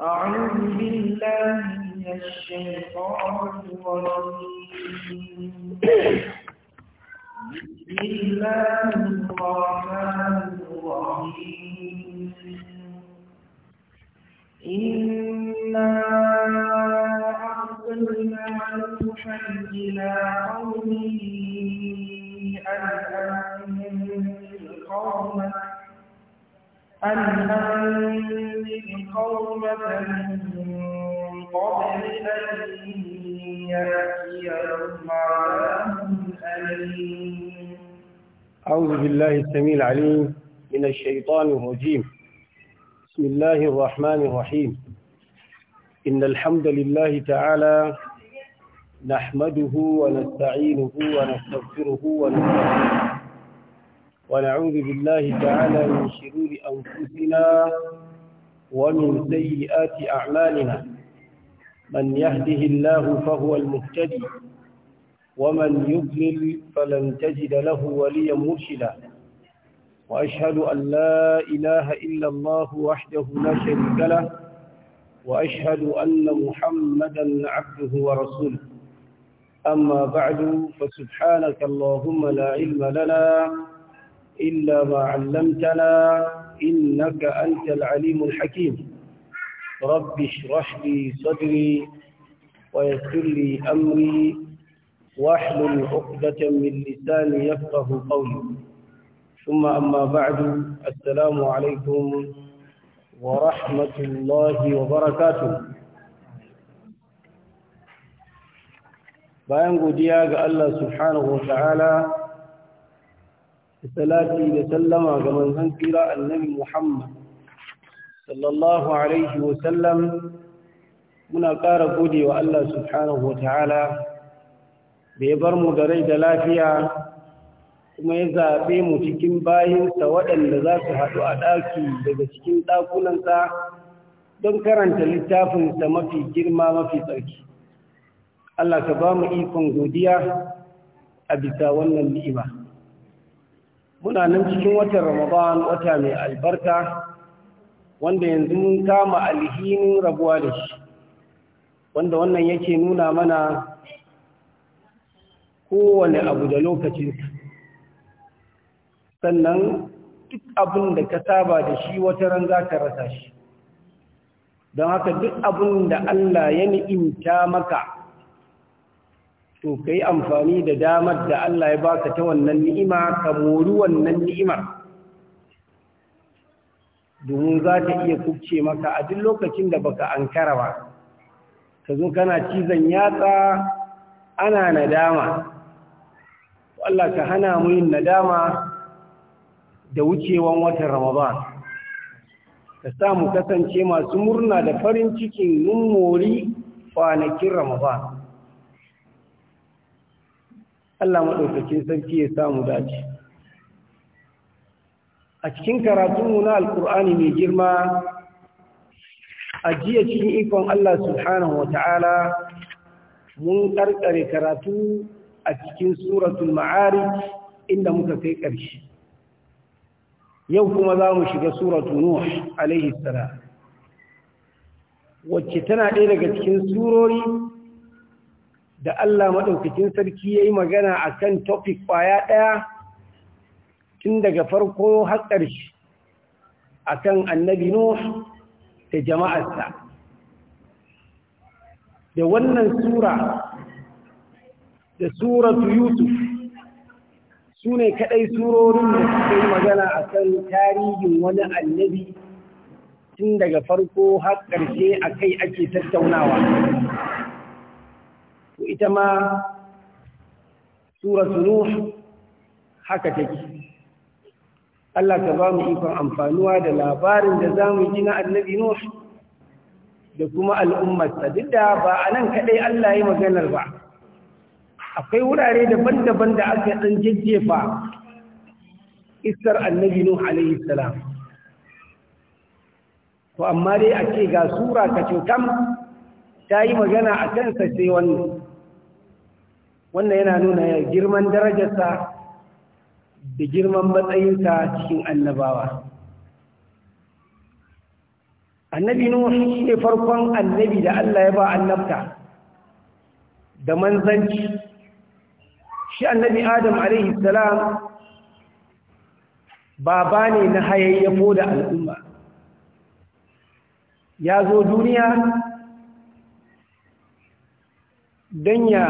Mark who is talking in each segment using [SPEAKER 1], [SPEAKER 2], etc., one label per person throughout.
[SPEAKER 1] أعوذ بالله من الشيطان الرجيم بسم الله الرحمن الرحيم إنا أرسلنا نوحا إلى قومه أن أنذر قومك أن أنذر من قبل أن يأتيهم عذاب
[SPEAKER 2] أعوذ بالله السميع العليم من الشيطان الرجيم بسم الله الرحمن الرحيم إن الحمد لله تعالى نحمده ونستعينه ونستغفره ونستغفره ونعوذ بالله تعالى من
[SPEAKER 1] شرور أنفسنا
[SPEAKER 2] ومن سيئات أعمالنا من يهده الله فهو المهتدي ومن يضلل فلن تجد له وليا مرشدا وأشهد أن لا إله إلا الله وحده لا شريك له وأشهد أن محمدا عبده ورسوله أما بعد فسبحانك اللهم لا علم لنا إلا ما علمتنا إنك أنت العليم الحكيم رب اشرح لي صدري ويسر لي أمري واحلل عقدة من لساني يفقه قولي ثم أما بعد السلام عليكم ورحمة الله وبركاته بأن قد ga سبحانه وتعالى salati da sallama ga manzon tsira annabi Muhammad sallallahu alaihi wa sallam muna ƙara gode wa Allah subhanahu wa da ya bar mu da rai da lafiya kuma ya zaɓe mu cikin bayinsa waɗanda za su haɗu a ɗaki daga cikin ɗakunansa don karanta littafinsa mafi girma mafi tsarki. Allah ka ba mu ikon godiya a bisa wannan ni'ima. muna nan cikin watan ramadan wata mai albarka wanda yanzu mun kama alhinin rabuwa da shi wanda wannan yake nuna mana kowane abu da lokacinsa sannan duk abin da ka saba da shi wata ran za ka rasa shi don haka duk abin da Allah ya ni'imta maka to ka yi amfani da damar da Allah ya baka ta wannan ni'ima ka mori wannan ni'imar domin za ta iya kubce maka a duk lokacin da baka ankara ba ka zo kana cizon yatsa ana nadama Allah ka hana mu yin nadama da wucewan watan Ramadan ka sa mu kasance masu murna da farin cikin mun mori kwanakin Ramadan Allah maɗaukacin sarki ya samu dace a cikin karatunmu na alkur'ani mai girma a jiya cikin ikon Allah subhanahu wa ta'ala mun ƙarƙare karatu a cikin suratul ma'arij inda muka kai ƙarshe yau kuma za mu shiga suratul nuh alaihi salam wacce tana ɗaya daga cikin surori da Allah maɗaukakin sarki ya yi magana a kan topic ƙwaya ɗaya tun daga farko haƙar shi a kan annabi Nuh da jama'arsa. Da wannan Sura da Suratu Yusuf su ne kaɗai surorin da suka yi magana a kan tarihin wani annabi tun daga farko haƙar shi a kai ake tattaunawa. ita ma sura nuh haka take Allah ta ba mu ikon amfanuwa da labarin da za mu ji na annabi Nuh da kuma al'ummarsa duk da ba a nan kaɗai Allah ya maganar ba. Akwai wurare daban-daban da aka ɗan jajjefa istar annabi Nuh alaihi salam. amma dai a ce ga sura ka ce kam ta yi magana a kansa sai wannan. wannan yana nuna girman darajarsa da girman matsayinsa cikin annabawa annabi nuhu shine farkon annabi da Allah ya ba annabta da manzanci shi annabi adam alaihi salam baba ne na hayayyafo da al'umma ya zo duniya don ya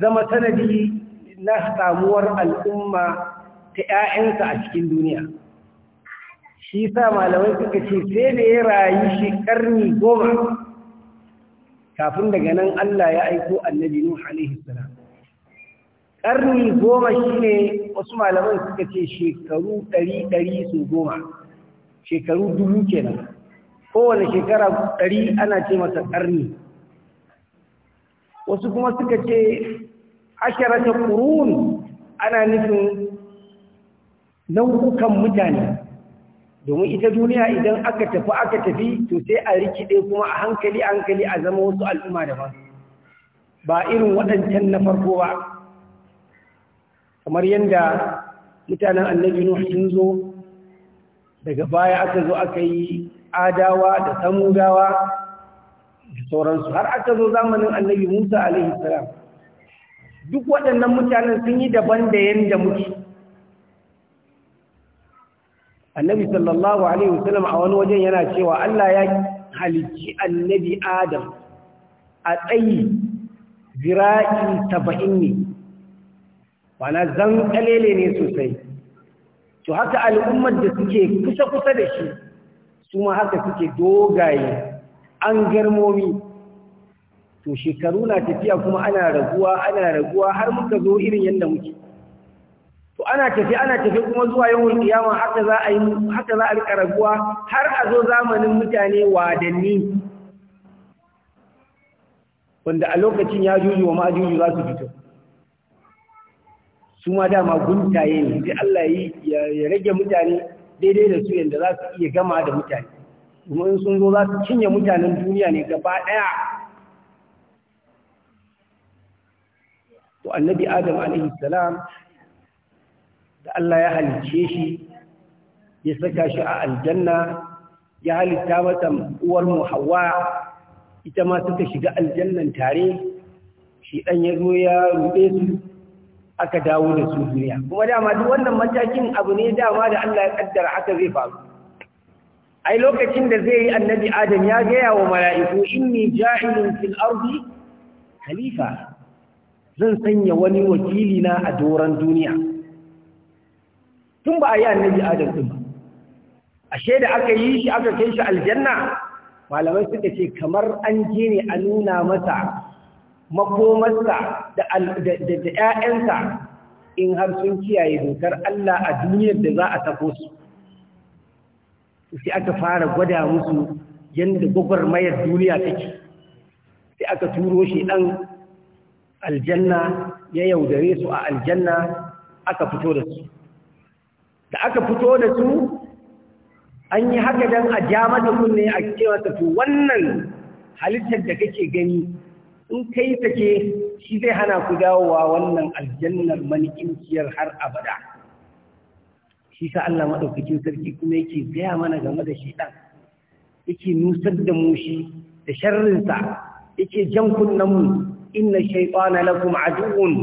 [SPEAKER 2] zama sanadi na samuwar al'umma ta ‘ya'yansa a cikin duniya. Shi sa malamai suka ce sai da ya rayu shi ƙarni goma kafin daga nan Allah ya aiko annabi Nuh alaihi salam. Ƙarni goma shi ne wasu malamai suka ce shekaru ɗari ɗari su goma, shekaru dubu kenan. Kowane shekara ɗari ana ce masa ƙarni. Wasu kuma suka ce asharata qurun ana nufin nau'ukan mutane domin ita duniya idan aka tafi aka tafi to sai a rikide kuma a hankali hankali a zama wasu al'umma daban ba irin waɗancan na farko ba kamar yadda mutanen annabi nuh sun zo daga baya aka zo aka yi adawa da samudawa da sauransu har aka zo zamanin annabi musa alaihi salam duk waɗannan mutanen sun yi daban da yadda muke annabi sallallahu alaihi wasallam a wani wajen yana cewa Allah ya halicci annabi adam a tsayi zira'in saba'in ne wana zan kalele ne sosai to haka al'ummar da suke kusa-kusa da shi su ma haka suke dogaye an garmomi to shekaru na tafiya kuma ana raguwa ana raguwa har muka zo irin yadda muke to ana tafi ana tafi kuma zuwa yawan kiyama haka za a yi haka za a rika raguwa har a zo zamanin mutane wadanni wanda a lokacin ya juju wa ma juju za su fito su ma dama guntaye ne sai Allah ya rage mutane daidai da su yadda za su iya gama da mutane domin sun zo za su cinye mutanen duniya ne gaba ɗaya to annabi adam alaihi salam da Allah ya halice shi ya saka shi a aljanna ya halitta mata uwar mu hawa ita ma suka shiga aljannan tare shi dan ya zo ya rube su aka dawo da su duniya kuma dama duk wannan matakin abu ne dama da Allah ya kaddara haka zai faru ai lokacin da zai yi annabi adam ya gaya wa mala'iku inni ja'ilun fil ardi khalifa zan sanya wani wakili na a doron duniya tun ba a yi annabi adam din ba ashe da aka yi shi aka kai shi aljanna malamai suka ce kamar an je ne a nuna masa makomarsa da ‘ya'yansa in har sun kiyaye dokar Allah a duniyar da za a tafo su sai aka fara gwada musu yadda gwagwarmayar duniya take sai aka turo shi ɗan aljanna ya yaudare su a aljanna aka fito da su da aka fito da su an yi haka don a ja mata kunne a cewa ta to wannan halittar da kake gani in kai take shi zai hana ku dawowa wannan aljannar manikinciyar har abada shi sa Allah maɗaukakin sarki kuma yake gaya mana game da shi ɗan yake nusar da mushi da sharrinsa yake jan kunnen mu inna shaytana lakum aduun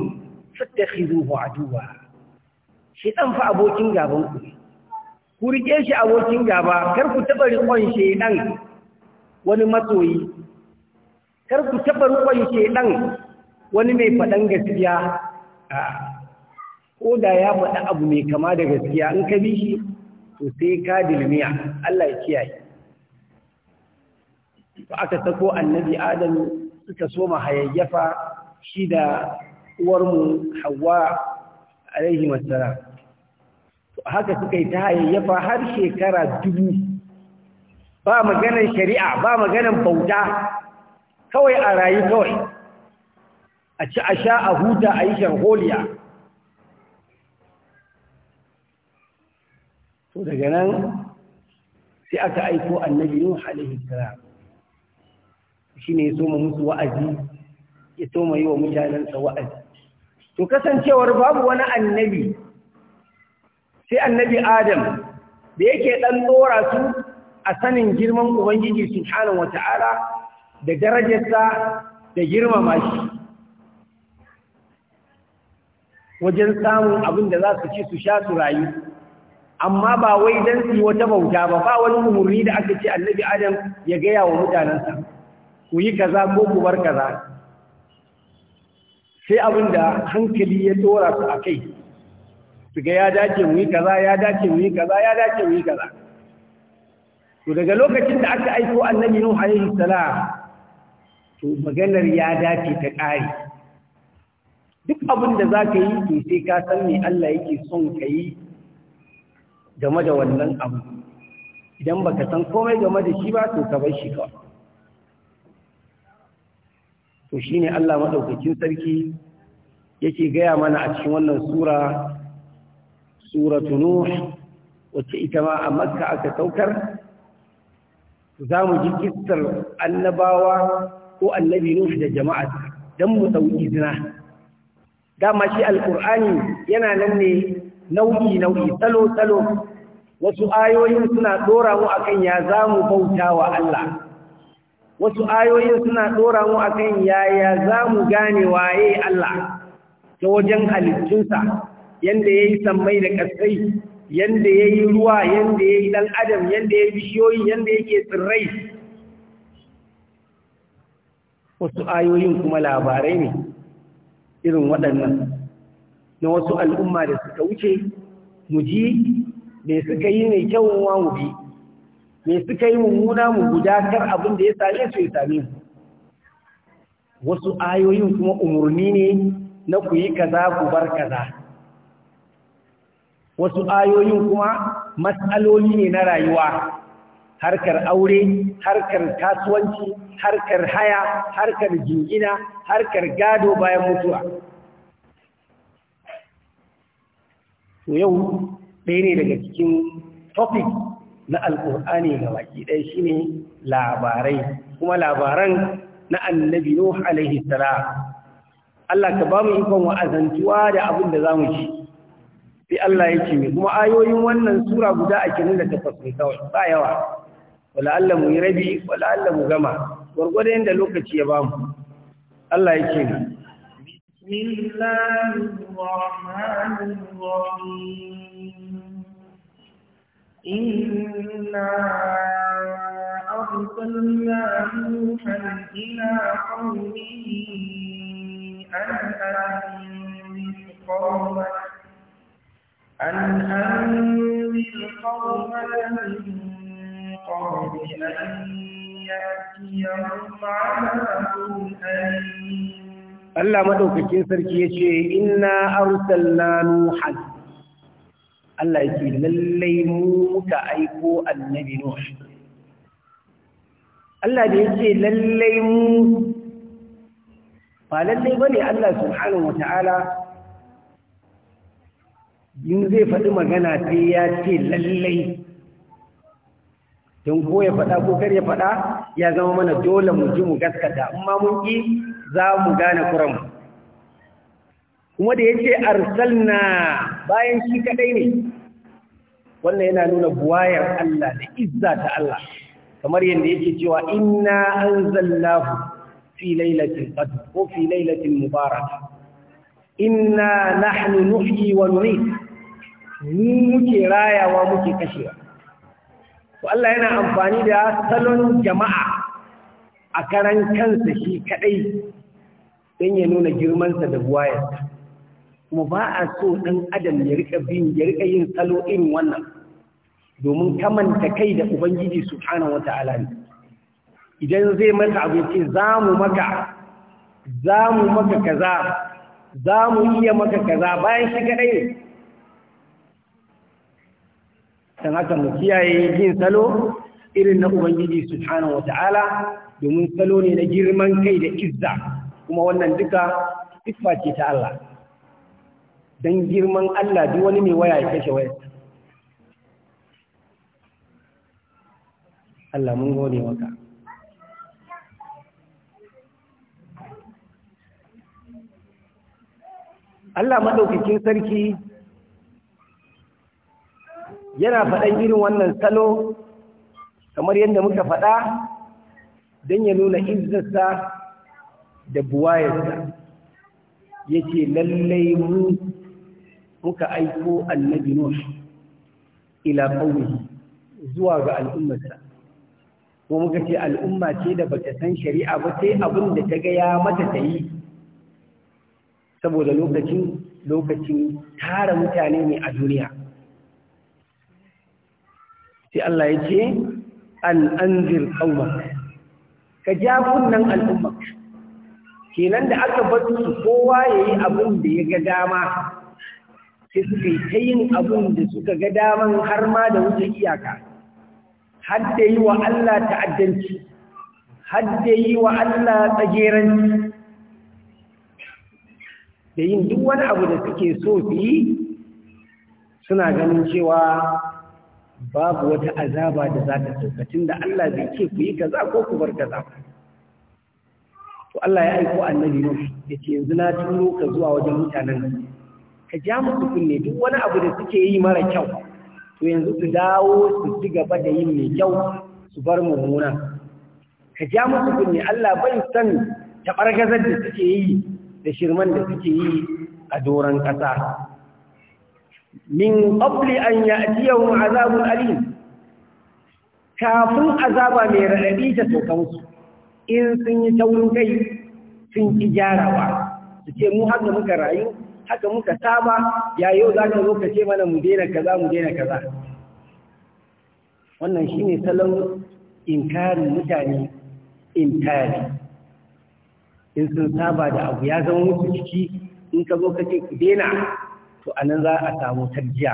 [SPEAKER 2] fattakhizuhu aduwwa shaytan fa abokin gaban ku ku rike shi abokin gaba kar ku taba riƙon shaytan wani matsoyi kar ku taba riƙon shaytan wani mai faɗan gaskiya ko da ya faɗa abu mai kama da gaskiya in ka bi shi to sai ka dilmiya Allah ya kiyaye to aka sako annabi Adam suka soma hayayyafa shi da uwarmu hawa alaihi masara haka suka yi ta hayayyafa har shekara dubu ba maganar shari'a ba maganar bauta kawai a rayu kawai a ci a sha a huta a yi sharholiya to daga nan sai aka aiko annabi nuhu alaihi shine ya soma musu wa'azi ya soma yi wa mutanensa wa'azi to kasancewar babu wani annabi sai annabi adam da yake ɗan tsora su a sanin girman ubangiji subhanahu wata'ala da darajarsa da girmama shi wajen samun abin da za su ci su sha su rayu amma ba wai don su wata bauta ba ba wani umurni da aka ce annabi adam ya gaya wa mutanensa ku yi kaza ko ku bar kaza sai abin da hankali ya dora su a kai su ga ya dace mu yi kaza ya dace mu yi kaza ya dace mu yi kaza to daga lokacin da aka aiko annabi nuh alaihi salam to maganar ya dace ta ƙare duk abin da zaka yi to sai ka san me Allah yake son ka yi game da wannan abu idan baka san komai game da shi ba to ka bar shi kawai to ne Allah maɗaukacin sarki yake gaya mana a cikin wannan sura suratu nuh wacce ita ma a makka aka saukar za mu ji kistar annabawa ko annabi nuh da jama'a don mu ɗauki zina dama shi alƙur'ani yana nan ne nau'i nau'i tsalo tsalo wasu ayoyin suna ɗora mu akan ya za mu bauta wa Allah wasu ayoyin suna ɗora mu a kan yaya za mu gane waye Allah ta wajen halittunsa yadda ya yi sammai da ƙasai yadda ya yi ruwa yadda ya yi ɗan adam yadda ya yi bishiyoyi ya yake tsirrai wasu ayoyin kuma labarai ne irin waɗannan na wasu al'umma da suka wuce mu ji me suka yi mai kyau wa mu bi me suka yi mummuna mu guda kar abin da ya same su ya same su wasu ayoyin kuma umarni ne na ku yi kaza ku bar kaza wasu ayoyin kuma matsaloli ne na rayuwa harkar aure harkar kasuwanci harkar haya harkar jingina harkar gado bayan mutuwa to yau ɗaya ne daga cikin topic na alƙur'ani ga baki ɗaya shine labarai kuma labaran na annabi Nuh alaihi salam Allah ka ba mu ikon wa'azantuwa da abin da za mu ci sai Allah ya ce kuma ayoyin wannan sura guda a kinin da takwas kawai ba yawa wala Allah mu yi rabi wala Allah mu gama gwargwado yadda lokaci ya ba mu Allah ya ce
[SPEAKER 1] rahmanir rahim إنا أرسلنا نوحا إلى قومه أن أنذر قومك أن أنذر قومك من قبل أن يأتيهم عذاب أليم
[SPEAKER 2] Allah madaukakin sarki ya ce, Inna arsalna Nuhan, Allah yake lallai mu muka aiko annabi Nuh Allah da yake lallai mu ba lallai bane Allah subhanahu wataala yin zai faɗi magana sai ya ce lallai don ko ya faɗa ko kar ya faɗa ya zama mana dole mu ji mu gaskata amma mun ƙi za mu gane kuran kuma da ya ce arsalna bayan shi kadai ne wannan yana nuna buwayar Allah da izza ta Allah kamar yadda yake cewa inna anzalnahu fi Lailatin qadr ko fi Lailatin mubarakah inna nahnu nuhyi wa nuhyit mu muke rayawa muke kashewa to Allah yana amfani da salon jama'a a karan kansa shi kadai don ya nuna girmansa da buwayarsa kuma ba a so ɗan adam ya rika bin ya rika yin salo irin wannan domin kamanta kai da ubangiji subhanahu wata ne idan zai mata abu ce za mu maka za mu maka kaza za mu iya maka kaza bayan shi kadai ne don haka mu kiyaye yin salo irin na ubangiji subhanahu wata'ala domin salo ne na girman kai da izza kuma wannan duka siffa ce ta Allah don girman Allah duk wani mai waya ya kashe waya Allah mun gode maka Allah maɗaukakin sarki yana faɗan irin wannan salo kamar yadda muka faɗa don ya nuna izzarsa da buwayarsa ya ce lallai mu muka aiko annabi Nuh ila qaumihi zuwa ga al'ummarsa ko muka ce al'umma ce da bata san shari'a ba sai abin da ta ga ya mata ta yi saboda lokacin lokacin tara mutane ne a duniya sai Allah ya ce an anzir qauma ka ja kunnan al'umma kenan da aka bar su kowa yayi abin da ya ga dama sai suka yi ta yin abin da suka ga daman har ma da wuce iyaka har da yi wa Allah ta'addanci har da yi wa Allah tsageranci da yin duk wani abu da suke so fi yi suna ganin cewa babu wata azaba da za ta saukacin da Allah bai ce ku yi kaza ko ku bar kaza to Allah ya aiko annabi Nuh yace yanzu na turo ka zuwa wajen mutanen ka ja musu kunne duk wani abu da suke yi mara kyau to yanzu su dawo su ci gaba da yin mai kyau su bar mummuna ka ja musu kunne Allah bai san taɓargazar da suke yi da shirman da suke yi a doron ƙasa min qabli an ya'tiyahum azabun alim kafin azaba mai raɗaɗi ta sauka musu in sun yi taurin kai sun ki ba, su ce mu haka muka rayu haka muka saba ya yau za ka zo ka ce mana mu daina kaza mu daina kaza wannan shine salon inkarin mutane intari in sun saba da abu ya zama musu ciki in ka zo ka ce ku daina to a nan za a samu tarjiya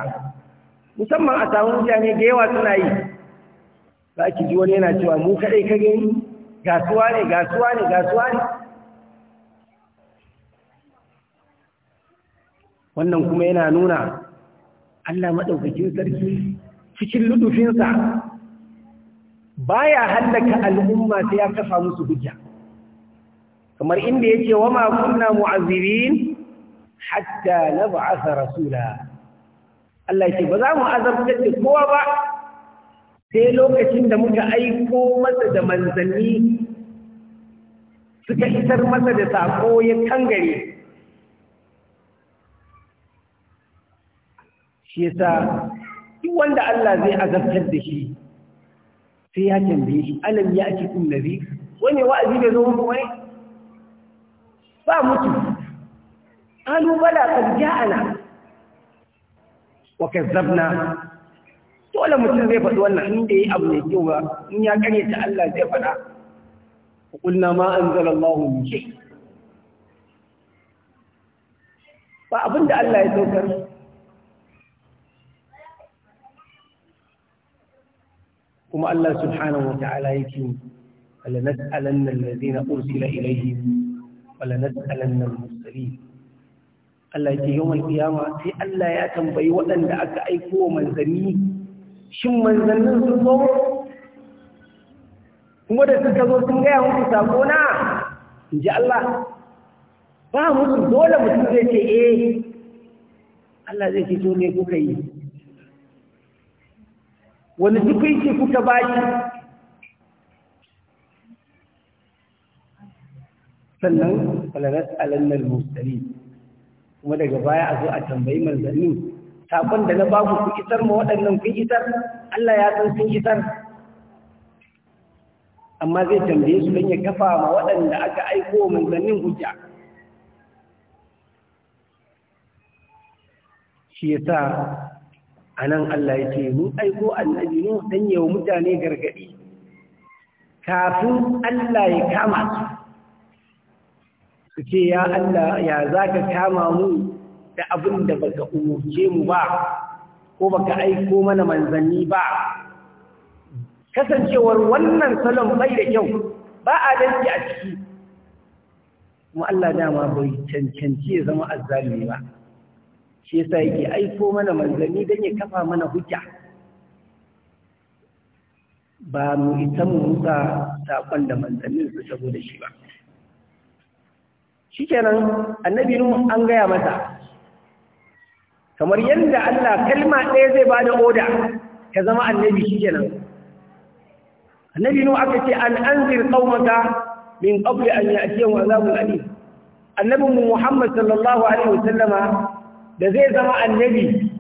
[SPEAKER 2] musamman a samu mutane da yawa suna yi za ki ji wani yana cewa mu kaɗai ka gani gasuwa ne gasuwa ne gasuwa ne wannan kuma yana nuna Allah maɗaukakin sarki cikin ludufinsa baya hallaka al'umma sai ya kafa musu hujja kamar inda yace wa ma kunna mu'azzibin hatta nab'atha rasula Allah ce ba za mu azabtar da kowa ba sai lokacin da muka aiko masa da manzanni suka isar masa da sako ya kangare shi yasa duk wanda Allah zai azabtar da shi sai ya tambaye shi alam ya ake kun nabi wani wa'azi da zo muku wai ba mutu alu bala qad ja'ana wa kazzabna dole mutum zai faɗi wannan inda yi abu ne kyau ba in ya kare ta Allah zai faɗa kulna ma Allahu min shay ba abinda Allah ya saukar kuma Allah subhanahu wa ta'ala yake falanas'alanna allazina ursila ilaihim falanas'alanna al musali. Allah yake yawan kiyama sai Allah ya tambayi waɗanda aka aiko wa manzanni shin manzannin sun zo kuma da suka zo sun gaya muku sako na in ji Allah ba musu dole mutum zai ce eh Allah zai ce to ne kuka yi wani tukaici kuka bayi sannan falaras alannar musali kuma daga baya a zo a tambayi manzanni sakon da na babu ku isar ma waɗannan kun isar Allah ya san sun isar amma zai tambaye su don ya kafa ma waɗanda aka aiko manzannin hujja shi yasa a nan Allah ya ce mun aiko annabi nu dan mutane gargadi kafin Allah ya kama su ce ya Allah ya zaka kama mu da abin da baka umurce mu ba ko baka aiko mana manzanni ba kasancewar wannan salon bai da kyau ba a danki a ciki kuma Allah dama bai cancanci ya zama azzalimi ba shi yasa yake aiko mana manzanni don ya kafa mana hujja ba mu isa mu musa saƙon da manzannin su saboda shi ba shikenan annabi nuhu an gaya mata. kamar yadda Allah kalma ɗaya zai bada oda ka zama annabi shikenan annabi nuhu aka ce an anzir qaumaka min qabli an ya'tiyahum azabun alim annabi Muhammad sallallahu alaihi wasallama da zai zama annabi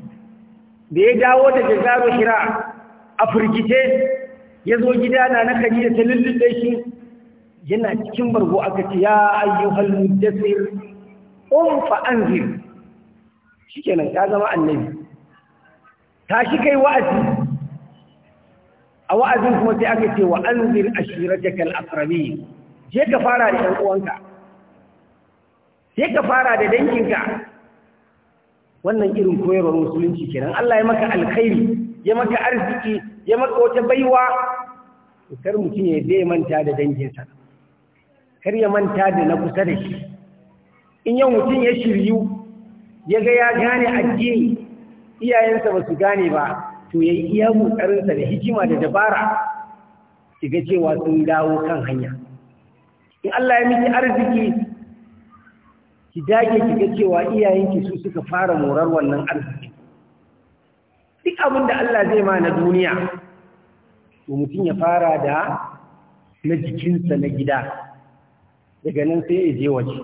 [SPEAKER 2] da ya dawo da jazaru shira a firgice ya zo gida na na kari da ta lullube shi yana cikin bargo aka ce ya ayyuhal mudassir um fa anzir shikenan ta zama annabi ta shi kai wa'azi a wa'azin kuma sai aka ce wa anzir ashirataka al-aqrabin je ka fara da ɗan uwanka sai ka fara da danginka wannan irin koyarwar musulunci kenan Allah ya maka alkhairi ya maka arziki ya maka wata baiwa kar mutum ya zai manta da danginsa kar ya manta da na kusa da shi in yau mutum ya shiryu ya ga ya gane addini iyayensa ba su gane ba to ya yi iya ƙoƙarinsa da hikima da dabara shiga cewa sun dawo kan hanya in Allah ya miki arziki ki dage ki ga cewa iyayenki su suka fara morar wannan arziki duk abin da Allah zai ma na duniya to mutum ya fara da na jikinsa na gida daga nan sai ya je waje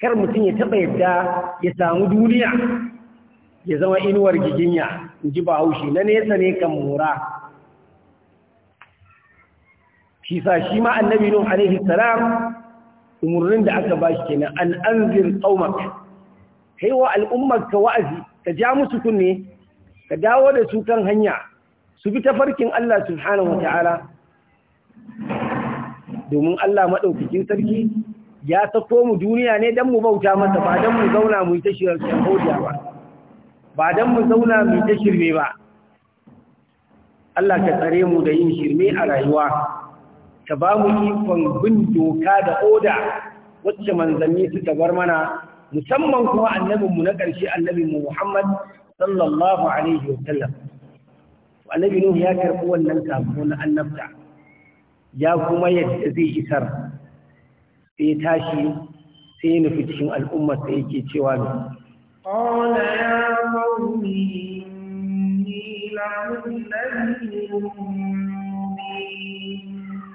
[SPEAKER 2] kar mutum ya taɓa yadda ya samu duniya ya zama inuwar giginya in ji bahaushe na nesa ne kan mora shi shi ma annabi nun alaihi salam umurnin da aka ba bashi kenan an anzir qaumak kai wa al'ummar ka wa'azi ka ja musu kunne ka dawo da su kan hanya su bi tafarkin Allah subhanahu wata'ala domin Allah madaukakin sarki ya sako mu duniya ne dan mu bauta masa ba dan mu zauna mu yi ta ba ba dan mu zauna mu yi ta ba Allah ka tsare mu da yin shirme a rayuwa ka ba mu ikon bin doka da oda wacce manzanni suka bar mana musamman kuma annabinmu na ƙarshe annabinmu Muhammad sallallahu alaihi wa annabi Nuhu ya karɓi wannan sako na annabta ya kuma yadda zai isar sai tashi sai ya nufi cikin al'umma sai yake cewa ne
[SPEAKER 1] ya qawmi inni lakum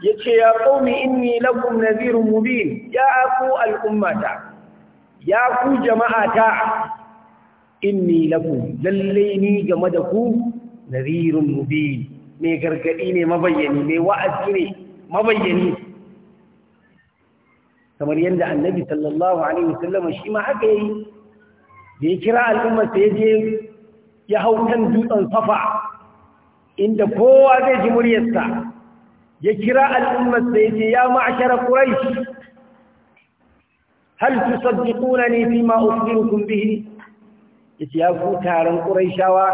[SPEAKER 2] yace ya qaumi inni lakum nadhirun mubin ya aku al'ummata ya ku jama'ata inni lakum lalle ni game da ku nadhirun mubin me gargadi ne mabayyani me wa'azi ne mabayyani kamar yadda annabi sallallahu alaihi wasallam shi ma haka yayi da ya kira al'ummata ya je ya hau kan dutsen safa inda kowa zai ji muryarsa ya kira al'ummar da ce ya ma'ashara quraish hal tusaddiqunani fima ukhbirukum bihi kumbihi? ya ku taron shawa?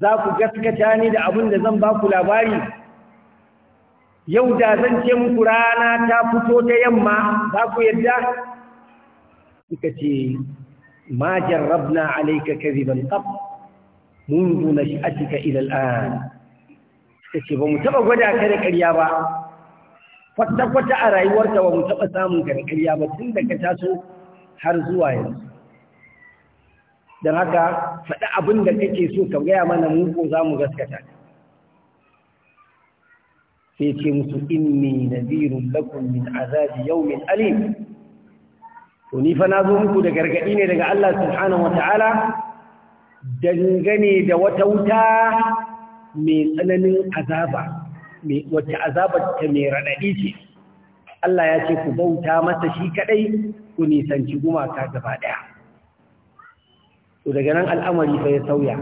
[SPEAKER 2] za ku gaskata ni da abin da zan ba ku labari yau da zan ce muku rana ta fito ta yamma za ku yadda suka ce ma jarrabna Mun kadhiban shi a cika إلى الآن ta ce ba mu taɓa gwada ka da ƙarya ba kwata-kwata a rayuwarta ba mu taɓa samun ka da ƙarya ba tun da ka taso har zuwa yanzu don haka faɗi abin da kake so ka gaya mana mu ko za mu gaskata sai ce musu inni nazirun lakum min azabi yawmin alim to ni fa zo muku da gargaɗi ne daga Allah subhanahu dangane da wata wuta mai tsananin azaba wacce azabar ta mai raɗaɗi ce Allah ya ce ku bauta masa shi kaɗai ku nisanci gumaka gaba ɗaya to daga nan al'amari fa ya sauya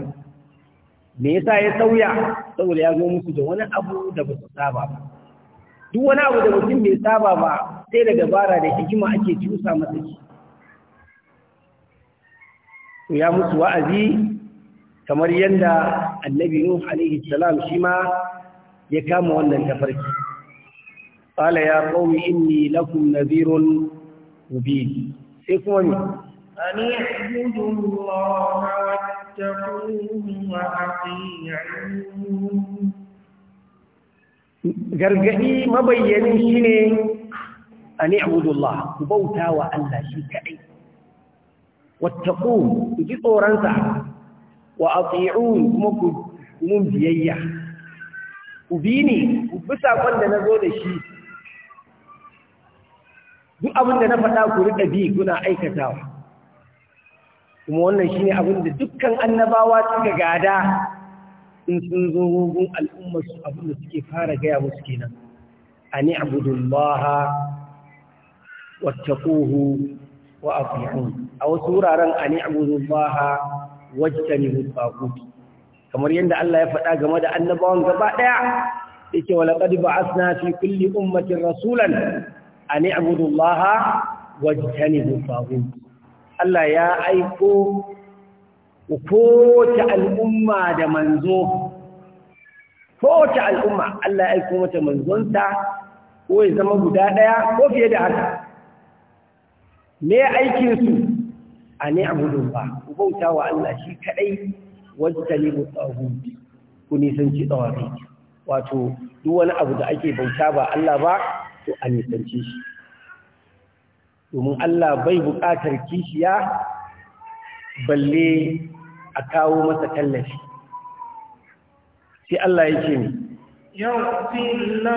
[SPEAKER 2] me yasa ya sauya saboda ya zo muku da wani abu da ba su saba ba duk wani abu da mutum bai saba ba sai da dabara da hikima ake cusa masa shi to ya musu wa'azi kamar yadda annabi nuh alaihi salam shi ma ya kama wannan tafarki qala ya qaumi inni lakum nadhirun mubin sai kuma
[SPEAKER 1] ni an yahbudu allaha wattaquhu wa ati'un
[SPEAKER 2] gargadi mabayyani shine an yahbudu allaha ku bauta wa Allah shi kadai wattaqu ku ji tsoron sa wa ati'un kuma ku mun biyayya ku bi ni ku bi sakon da nazo da shi duk abin da na faɗa ku rika bi kuna aikatawa kuma wannan shine abin da dukkan annabawa suka gada in sun zo gun al'umma su abin da suke fara gaya musu kenan ani abudullaha wattaquhu wa ati'un a wasu wuraren ani abudullaha wajtanihu tagut kamar yadda Allah ya faɗa game da annabawan gaba ɗaya yake wa laqad ba'athna fi kulli ummatin rasulan an i'budu Allah wajtanihu Allah ya aiko kowace al'umma da manzo kowace al'umma Allah ya aiko mata manzonta ko ya zama guda ɗaya ko fiye da haka me su? a ni'budun ba ku bauta wa Allah shi kadai wajtanibu tawhid ku nisanci tawhid wato duk wani abu da ake bauta ba Allah ba ko a nisanci shi domin Allah bai buƙatar kishiya balle a kawo masa tallafi sai Allah ya ce ni
[SPEAKER 1] yau fi min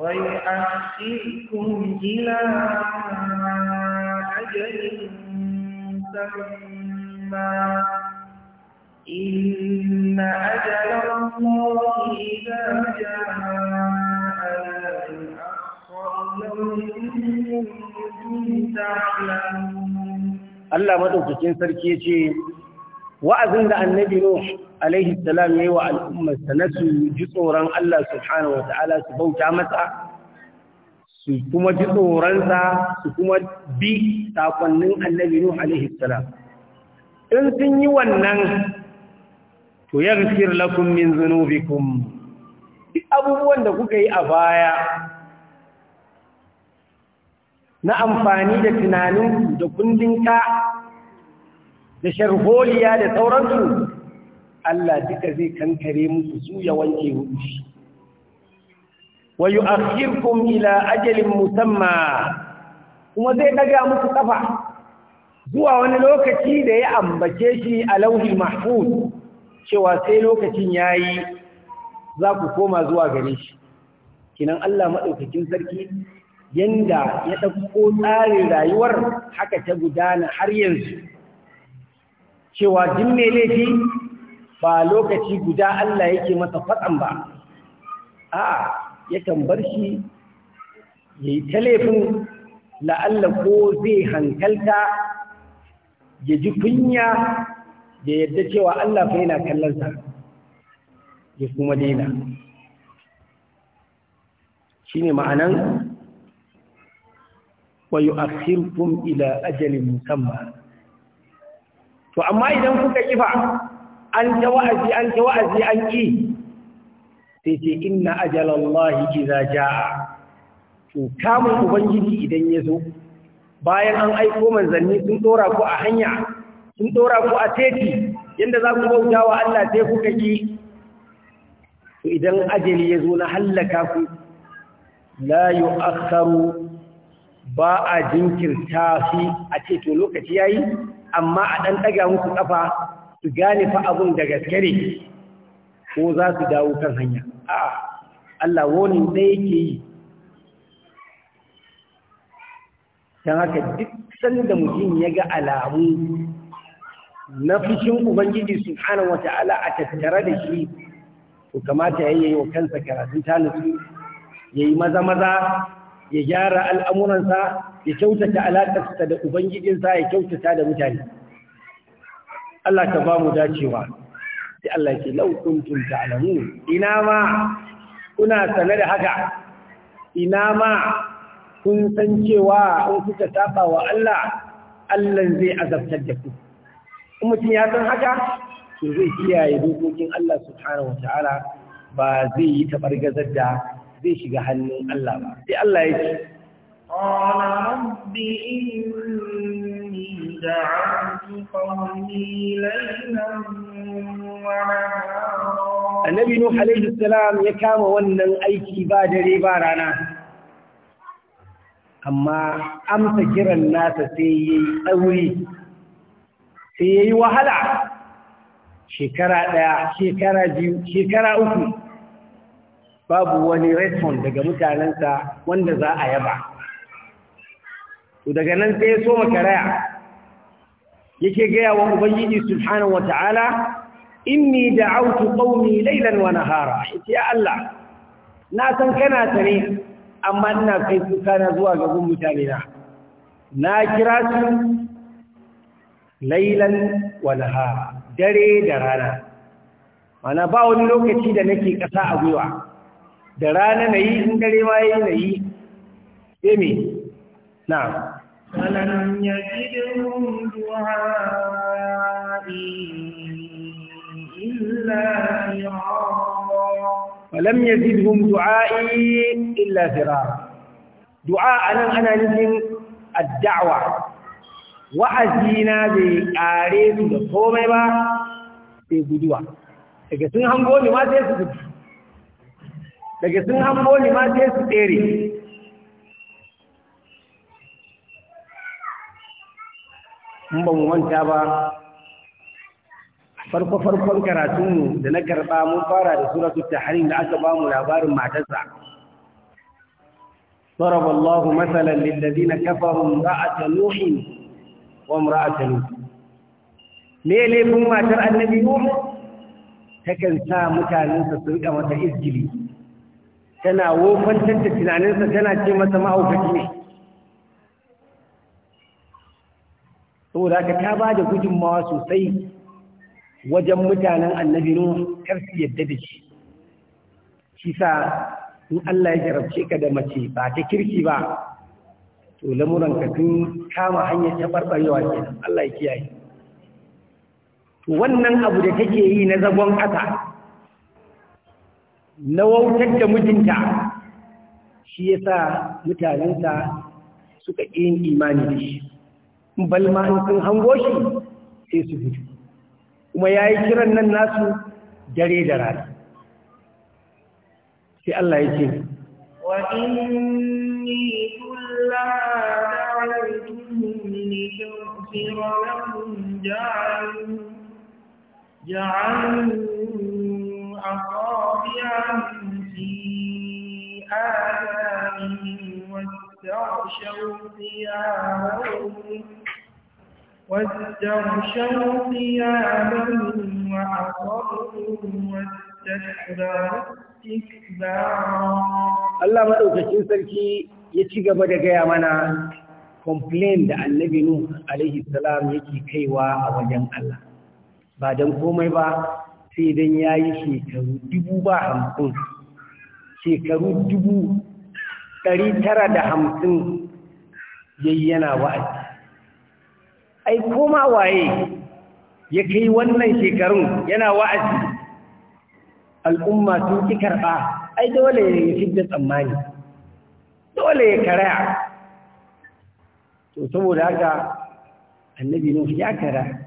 [SPEAKER 1] ويؤخركم إلى أجل مسمى إن أجل الله إذا جاء لا يؤخر لو كنتم تعلمون
[SPEAKER 2] الله مدوكين سركي wa'azin da annabi Nuh alaihi salam yayi wa al'ummarsa na su ji tsoron Allah subhanahu wa ta'ala su bauta masa su kuma ji tsoronsa su kuma bi sakonnin annabi Nuh alaihi salam in sun yi wannan to yaghfir lakum min dhunubikum abubuwan da kuka yi a baya na amfani da tunaninku da kundinka da sharholiya da sauransu Allah duka zai kankare musu su ya wanke wuce wa yu'akhirkum ila ajalin musamma kuma zai daga musu kafa zuwa wani lokaci da ya ambace shi a lauhi mahfuz cewa sai lokacin yayi za ku koma zuwa gare shi kinan Allah madaukakin sarki yanda ya ɗauko tsarin rayuwar haka ta gudana har yanzu cewa duk mai laifi ba lokaci guda Allah yake masa fatan ba a yakan bar shi ya yi ta laifin la'alla ko zai hankalta ya ji kunya da yadda cewa Allah fa yana kallonsa ya kuma daina shi ne ma'anan a yi ila ajalin musamman to amma idan kuka kifa an ta wa'azi an ta wa'azi an ki sai ce inna ajalallahi idza jaa to kamun ubangiji idan ya zo bayan an aiko manzanni sun dora ku a hanya sun dora ku a teti yanda za ku bauta wa Allah sai kuka ki to idan ajali ya zo na hallaka ku la yu'akharu ba a jinkirta shi a ce to lokaci yayi amma a ɗan ɗaga musu ƙafa su gane fa abun da gaskere ko za su dawo kan hanya a'a Allah wani da yake yi don haka duk sanda mutum ya ga alamu na fushin Ubangiji wata ala a tattare da shi ku kamata ya yi wa kansa karatun talisu ya yi maza-maza ya gyara al'amuransa ya kyautata alaƙarsa da ubangijinsa ya kyautata da mutane Allah ka ba mu dacewa sai Allah ke laukuntun alamu. ina ma kuna sane da haka ina ma kun san cewa in suka saba wa Allah Allah zai azabtar da ku in mutum ya san haka to zai kiyaye dokokin Allah su wa ta'ala ba zai yi gazar da zai shiga hannun Allah ba sai Allah ya ce
[SPEAKER 1] قال رب إني دعوت قومي ليلا ونهارا
[SPEAKER 2] النبي ya kama wannan aiki ba dare ba rana. amma amsa kiran nasa sai ya yi tsauri sai ya yi wahala shekara ɗaya shekara biyu shekara uku babu wani response daga mutanensa wanda za a yaba to daga nan sai ya so makaraya yake gaya wa ubangiji subhanahu wata'ala inni da autu laylan wa nahara yace ya Allah na san kana tare amma ina kai kuka na zuwa ga mutanena. mutane na na kira su Lailan wa nahara dare da rana mana ba wani lokaci da nake ƙasa a gwiwa درانه نه یې څنګه وایي نه یې نعم فلن
[SPEAKER 1] یجدهم دعائی الا فرارا فلم يَزِدْهُمْ
[SPEAKER 2] دُعَائِي الا فرارا دعاء انا انا نسم الدعوة وحزينا بآريس وقومي با بجدوة اگه سنهم قولي ما تيسو daga sun hango ni ma sai su tsere mun ba mu manta ba farko-farkon karatunmu da na karba mun fara da suratul tahrim da aka ba mu labarin matarsa ضرب الله مثلا للذين كفروا امرأة نوح وامرأة لوط me laifin النبي نوح تكن takan sa mutanensa su rika mata izgili tana wofantar da tunaninsa tana ce masa ma'aukaci ne saboda haka ta ba da gudunmawa sosai wajen mutanen annabi nuhu kar su yadda da shi shi sa in Allah ya jarabce ka da mace ba ta kirki ba to lamuran ka tun kama hanyar tabarbarewa ke Allah ya kiyaye wannan abu da take yi na zagon ƙasa na wautar da mijinta shi ya sa mutanensa suka yin imani da shi balma in sun hango shi sai su gudu kuma ya yi kiran nan nasu dare da rana sai Allah ya ce
[SPEAKER 1] wa فَقَعُوا واستغشوا ثيابهم واستكبروا
[SPEAKER 2] Allah maɗaukacin sarki ya ci gaba da gaya mana complain da annabi Nuh alaihi salam yake kaiwa a wajen Allah ba don komai ba sai dan ya yi shekaru dubu ba hamsin shekaru dubu ɗari tara da hamsin yayyana wa'azi ai koma waye ya kai wannan shekarun yana wa'azi al'umma sun ki karɓa ai dole ya yi da tsammani dole ya karaya to saboda haka annabi nufi ya karaya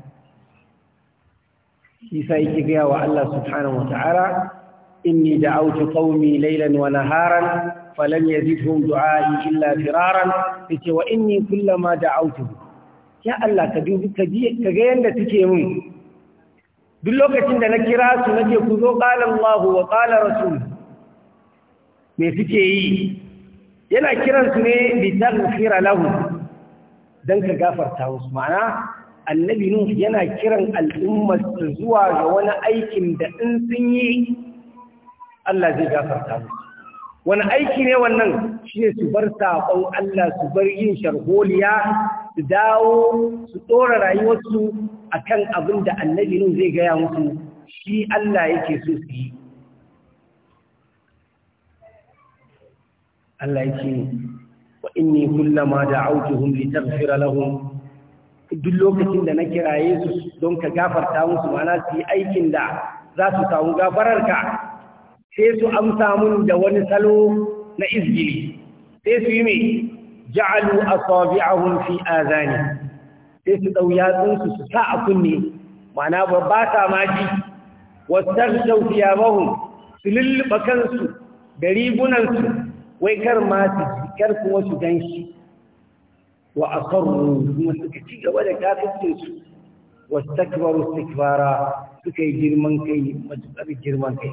[SPEAKER 2] shi sa yake gaya wa Allah subhanahu wa ta'ala inni da'awtu qaumi laylan wa naharan falam yazidhum du'ai illa firaran yace wa inni kullama da'awtu ya Allah ka dubi ka ji ka ga yanda take mun duk lokacin da na kira su nake ku zo qala Allah wa qala rasul me suke yi yana kiransu ne bi taghfira lahu dan ka gafarta musu ma'ana annabi nuh yana kiran al'ummar su zuwa ga wani aikin da
[SPEAKER 1] in sun yi
[SPEAKER 2] Allah zai gafarta musu wani aiki ne wannan shine su bar saƙon Allah su bar yin sharholiya su dawo su tsora rayuwarsu akan abin da annabi nuh zai gaya musu shi Allah yake so su yi Allah yake wa inni kullama da'awtuhum litaghfira lahum duk lokacin da na kiraye su don ka gafarta musu mana su yi aikin da za su samu gafararka sai su amsa mun da wani salo na izgili sai su yi mai ja'alu asabi'ahum fi azani sai su dau yatsun su sa a kunne mana ba ba ta maji wastaghshaw thiyabahum su lulluɓa kansu da su wai kar ma su kar kuma su ganshi wa aqarru kuma suka ci gaba da kafircin su wastakbaru istikbara suka yi girman kai matukar girman kai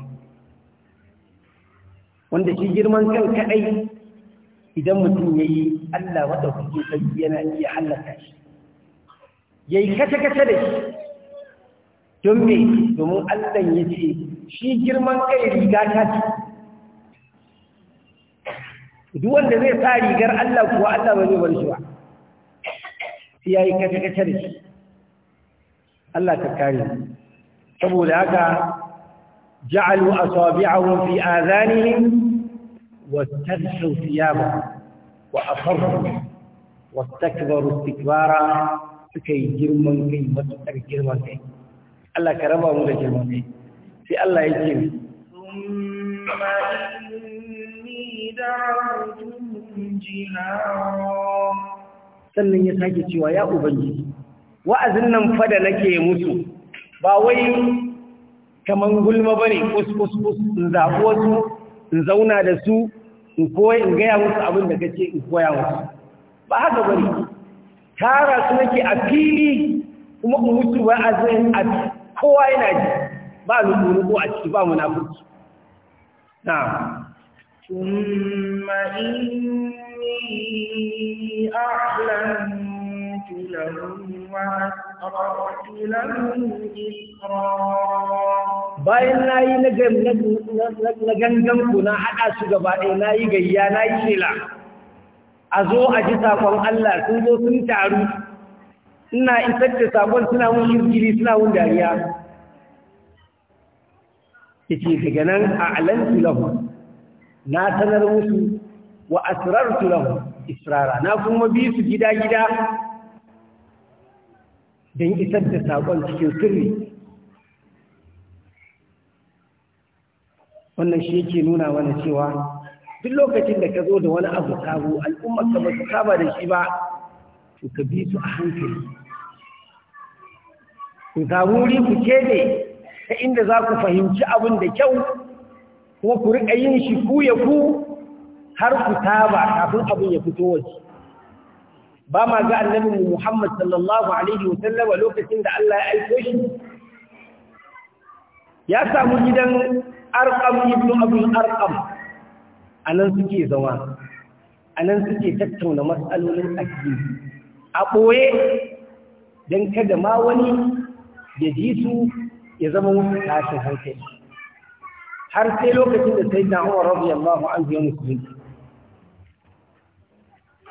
[SPEAKER 2] wanda shi girman kan kadai idan mutum yayi Allah madaukakin sarki yana iya halaka shi yayi kace kace da shi don me domin Allah ya ce shi girman kai riga ta ce duk wanda zai sa rigar Allah kuwa Allah ba zai shi ba sai yayi kace kace da shi Allah ta kare saboda haka ja'alu asabi'ahum fi adhanihim wastadhu thiyabahum wa asarru wastakbaru istikbara suka yi girman kai matuƙar girman kai Allah ka raba mu da girman kai sai Allah ya ce
[SPEAKER 1] ثم إني دعوتهم جهارا
[SPEAKER 2] sannan ya sake cewa ya ubangiji wa'azin nan fada nake musu ba wai kamar gulma bane kus kus in zaɓi su, in zauna da su in koya in gaya musu abin da kace in koya musu ba haka bane tara su nake a fili kuma in mutu wa'azin a kowa yana ji ba ko a ciki ba munafurci
[SPEAKER 1] na'am ثم إني أعلنت لهم وأسررت لهم bayan na yi na
[SPEAKER 2] gangan ku na haɗa su gaba ɗaya na yi gayya na yi shela a zo a ji sakon Allah sun zo sun taru ina isar da sakon suna mun jirgiri suna mun dariya yake daga nan a alantu na sanar musu wa asrartu lahu israra na kuma bi su gida gida don isar da sakon cikin sirri wannan shi yake nuna mana cewa duk lokacin da ka zo da wani abu sabo al'ummar ka ba su saba da shi ba to ka bi su a hankali ku samu wuri ku ne ta inda za ku fahimci abin da kyau kuma ku riƙa yin shi ku ya ku har ku taba kafin abin ya fito waje ba ma ga annabi Muhammad sallallahu alaihi wa lokacin da Allah ya aiko shi ya samu gidan arƙam ibn Abdul Arqam anan suke zama anan suke tattauna matsalolin addini a ɓoye, dan kada ma wani ya ji su ya zama wani tashin hankali har sai lokacin da sai ta umar radiyallahu anhu ya musulunci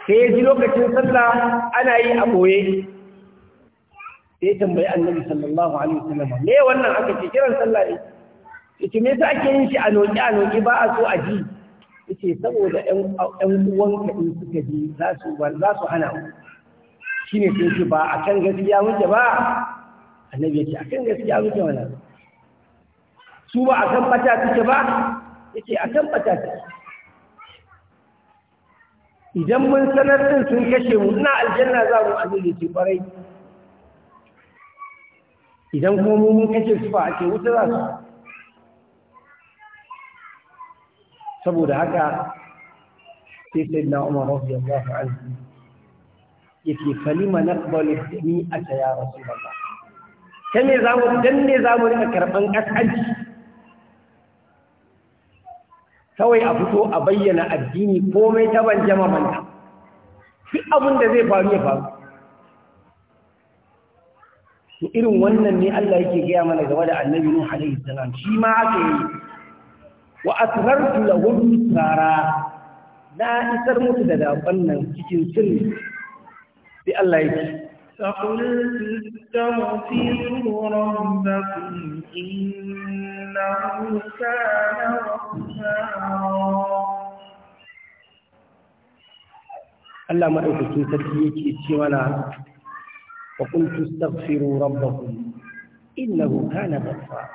[SPEAKER 2] sai ya ji lokacin sallah ana yi a boye sai tambayi annabi sallallahu alaihi wasallam me wannan aka ce kiran sallah ne yace me yasa ake yin shi a noki a noki ba a so a ji yace saboda ƴan ka in suka ji za su za su hana ku shine sai ce ba akan gaskiya muke ba annabi yace akan gaskiya muke wannan su ba a kan bata suke ba yake a kan bata suke idan mun sanar din sun kashe mu ina aljanna za mu azumi ce kwarai idan kuma mu mun kashe su ba a wuta za su saboda haka sai sai na umar rafi Allah anhu yake falima naqbalu jami'ata ya rasulullah kai ne za mu dan ne za mu rika karɓar ƙasƙanci kawai a fito a bayyana addini komai ta ban jama manta duk abin da zai faru ya faru to irin wannan ne Allah yake gaya mana game da annabi Nuh alaihi salam shi ma aka yi wa asrartu lahum sara na isar mutu da dabban nan cikin sirri sai Allah yake
[SPEAKER 1] فقلت استغفروا ربكم إنه كان غفارا
[SPEAKER 2] Allah maɗaukakin sarki yake ce mana wa kuntu astaghfiru rabbakum innahu na ghaffara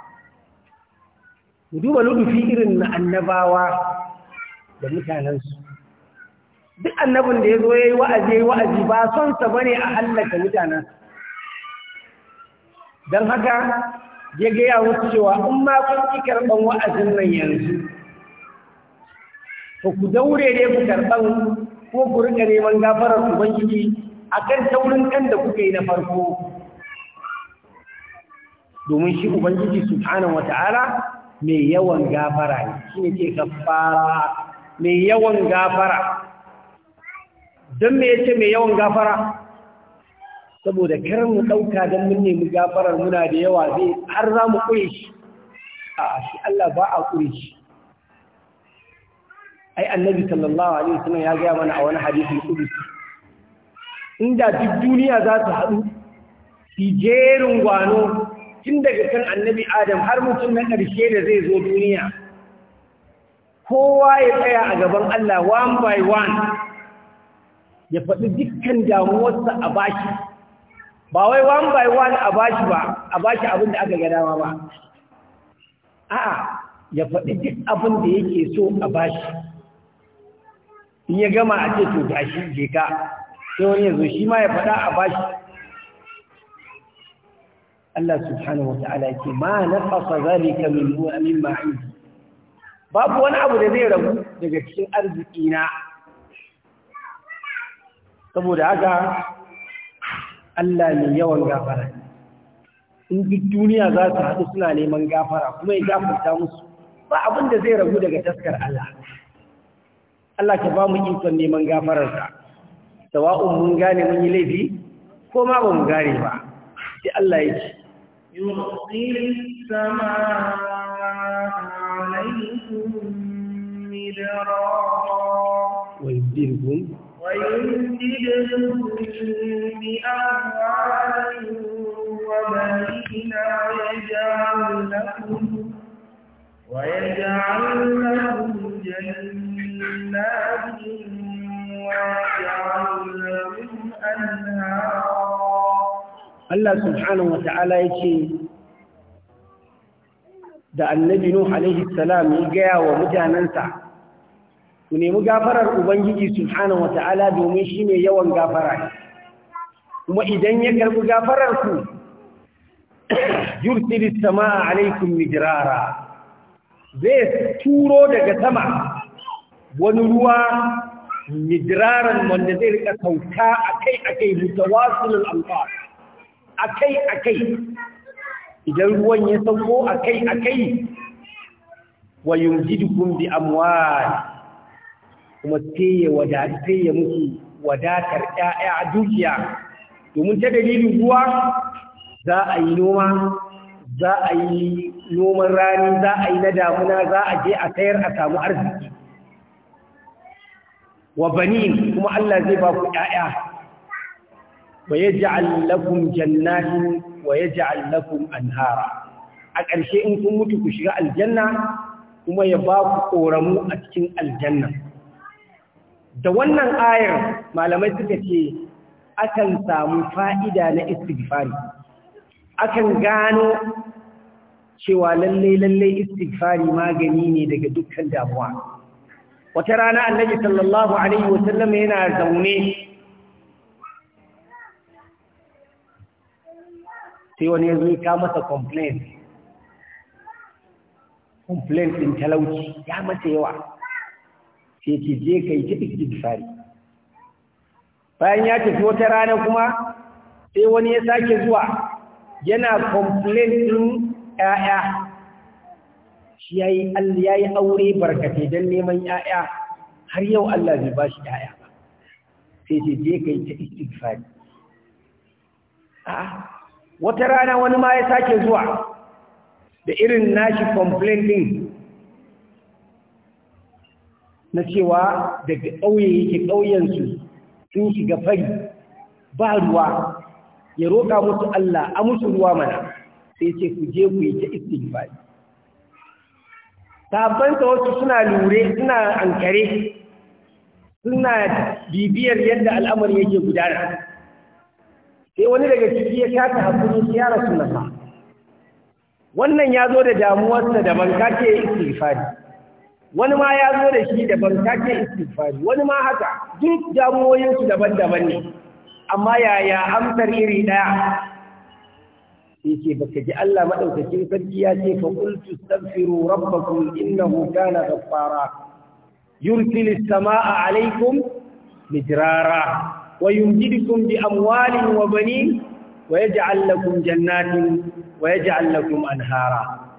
[SPEAKER 2] mu duba ludufi irin na annabawa da mutanensu duk annabin da ya zo ya yi wa'azi ya wa'azi ba son sa ne a hallaka mutanen don haka ya gaya wasu cewa in ma kun ki karɓan wa'azin nan yanzu to ku daure ne ku karɓan ko ku rika neman gafarar yi a kan taurin kan da kuka yi na farko domin shi ubangiji wa wata'ala mai yawan gafara ne shi ne ke kafara mai yawan gafara don me yace mai yawan gafara saboda kar mu ɗauka don mun nemi gafarar muna da yawa zai har za mu ƙure shi a shi Allah ba a ƙure shi ai annabi sallallahu alaihi wasallam ya gaya mana a wani hadisi kudus inda duk duniya za su haɗu ki jerin gwano tun daga kan annabi adam har mutum na ƙarshe da zai zo duniya kowa ya tsaya a gaban Allah one by one ya faɗi dukkan damuwarsa a bashi ba wai one by one a bashi ba a bashi abin da aka gada dama ba a'a ya faɗi duk abin da yake so a bashi in ya gama a ce to gashi je ka sai wani ya zo shi ma ya faɗa a bashi Allah subhanahu wa ta'ala yake ma na naqasa zalika min mu'min ma'in babu wani abu da zai rabu daga cikin arziki na saboda haka Allah ne yawan gafara in duk duniya za su haɗu suna neman gafara kuma ya gafarta musu ba abin da zai ragu daga taskar Allah Allah ka ba mu ikon neman gafararsa sawa'un mun gane mun yi laifi ko ma ba mu gane ba sai Allah ya ce
[SPEAKER 1] yursil samaa alaykum midra wa yubdirkum ويمددكم بأموال وبنين ويجعل لكم جنات
[SPEAKER 2] الله سبحانه وتعالى يجي da annabi Nuh alaihi salam ya gaya wa mutanensa ku nemi gafarar ubangiji subhanahu ta'ala domin ne yawan gafara kuma idan ya karbi gafarar ku yursilis samaa alaikum mijrara zai turo daga sama wani ruwa mijiraran wanda zai rika sauka akai-akai mutawasilul amfar akai-akai idan ruwan ya sauko akai-akai wa yumjidukum bi amwal kuma sai ya ya musu wadatar 'ya'ya a dukiya domin ta dalilin ruwa za a yi noma za a yi noman rani za a yi na damuna za a je a sayar a samu arziki wa banin kuma Allah zai ba ku ƴaƴa wa yaj'al lakum jannatin wa yaj'al lakum anhara a ƙarshe in kun mutu ku shiga aljanna kuma ya ba ku ƙoramu a cikin aljanna da wannan ayar malamai suka ce akan samu fa'ida na istighfari akan gano cewa lallai-lallai istighfari magani ne daga dukkan damuwa wata rana annabi sallallahu alaihi wasallam yana zaune sai wani ya zo ka masa complaint complaint din talauci ya masa yawa sai ce je ka yi ta bayan ya tafi wata rana kuma sai wani ya sake zuwa yana complain ɗin ƴaƴa shi yayi Allah yayi aure barkatai dan neman 'ya'ya har yau Allah bai bashi 'ya'ya ba sai ce je ka yi ta istighfari a'a wata rana wani ma ya sake zuwa da irin nashi complain din na cewa daga ƙauye yake ƙauyensu sun shiga fari ba ruwa ya roƙa musu Allah a musu ruwa mana sai ce ku je ku yi ta istighfar sabansa wasu suna lure suna ankare suna bibiyar yadda al'amari yake gudana sai wani daga ciki ya shata hakuri ya rasu nasa wannan ya zo da damuwarsa daban kake istighfari wani ma ya zo da shi daban take istighfari wani ma haka duk damuwoyin su daban-daban ne amma yaya amsar iri ɗaya? sai baka ji Allah madaukakin sarki ya ce fa qultu astaghfiru rabbakum innahu kana ghaffara yursilis samaa alaykum mijrara wa yumdidukum bi amwalin wa banin wa yaj'al lakum jannatin wa yaj'al lakum anhara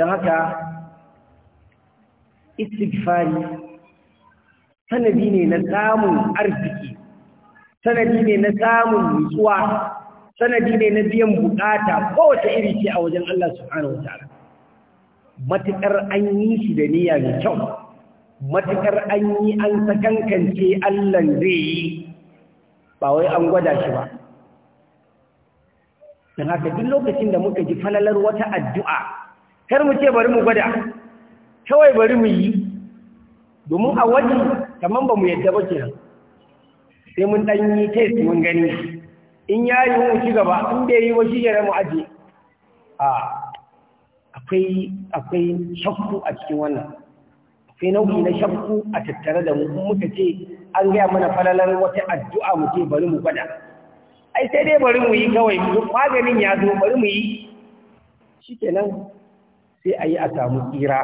[SPEAKER 2] dan haka istighfari sanadi ne na samun arziki sanadi ne na samun nutsuwa sanadi ne na biyan bukata kowace iri ce a wajen Allah subhanahu wataala matukar an yi shi da niyya mai kyau matukar an yi an sakankance Allah zai yi ba wai an gwada shi ba don haka duk lokacin da muka ji falalar wata addu'a kar mu ce bari mu gwada kawai bari mu yi domin a wajen kamar ba mu yadda ba ke sai mun ɗan yi test mun gani in ya yi mu ci gaba in da yi wa shi ya mu aje a akwai akwai shakku a cikin wannan akwai nauki na shakku a tattare da mu muka ce an gaya mana falalar wata addu'a mu ce bari mu gwada ai sai dai bari mu yi kawai maganin ya zo bari mu yi shikenan sai a yi a samu tsira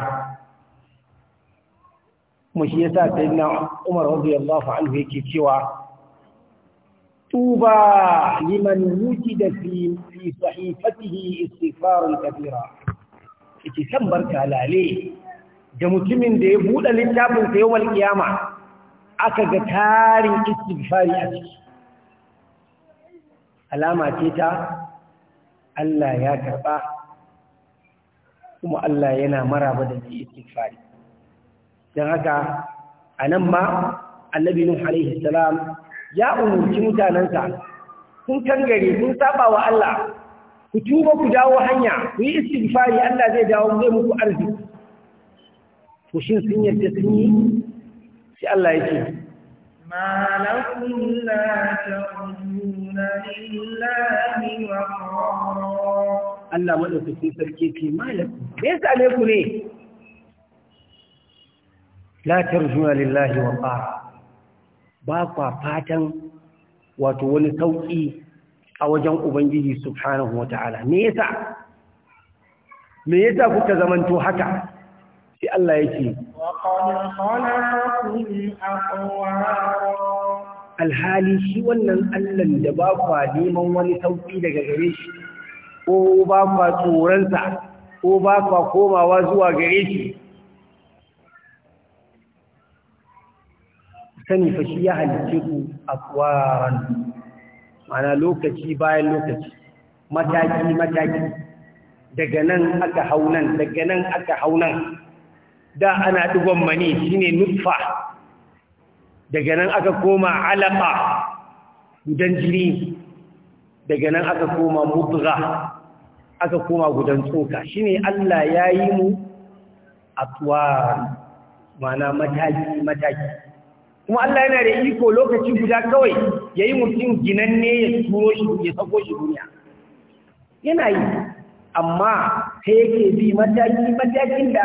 [SPEAKER 2] kuma shi yasa sayyidina Umar radiyallahu anhu yake cewa tuba liman wuki da fi sahifatihi istighfarun kabira Ita san barka lale da mutumin da ya buɗe littafin sa kiyama aka ga tarin istighfari a ciki alama ce ta Allah ya karɓa kuma Allah yana maraba da istifari don haka a nan ma annabi nuh alaihi salam ya umurci mutanensa kun kangare kun saba wa Allah ku tuba ku dawo hanya ku yi istighfari Allah zai dawo zai muku arziki ku shin sun yarda sun yi sai Allah yake
[SPEAKER 1] ما la ta'buduna illa لله وقارا
[SPEAKER 2] Allah maɗaukacin sarki ce malam me yasa ne ku ne la tarjuna lillahi wa qara ba kwa fatan wato wani sauki a wajen ubangiji subhanahu wataala me yasa me yasa kuka zamanto haka sai Allah yake alhali shi wannan Allah da ba kwa neman wani sauki daga gare shi ko ba kwa tsoransa ko ba kwa komawa zuwa gare shi sani fa shi ya halice ku akwaran mana lokaci bayan lokaci mataki mataki daga nan aka haunan daga nan aka haunan da ana digon mani shine nutfa daga nan aka koma alaqa gudan jini daga nan aka koma mudgha aka koma gudan tsoka shine Allah ya yi mu atwaran mana mataki mataki kuma Allah yana da iko lokaci guda kawai ya yi mutum ginanne ya turo shi ya sako shi duniya yana yi amma ta yake bi mataki matakin da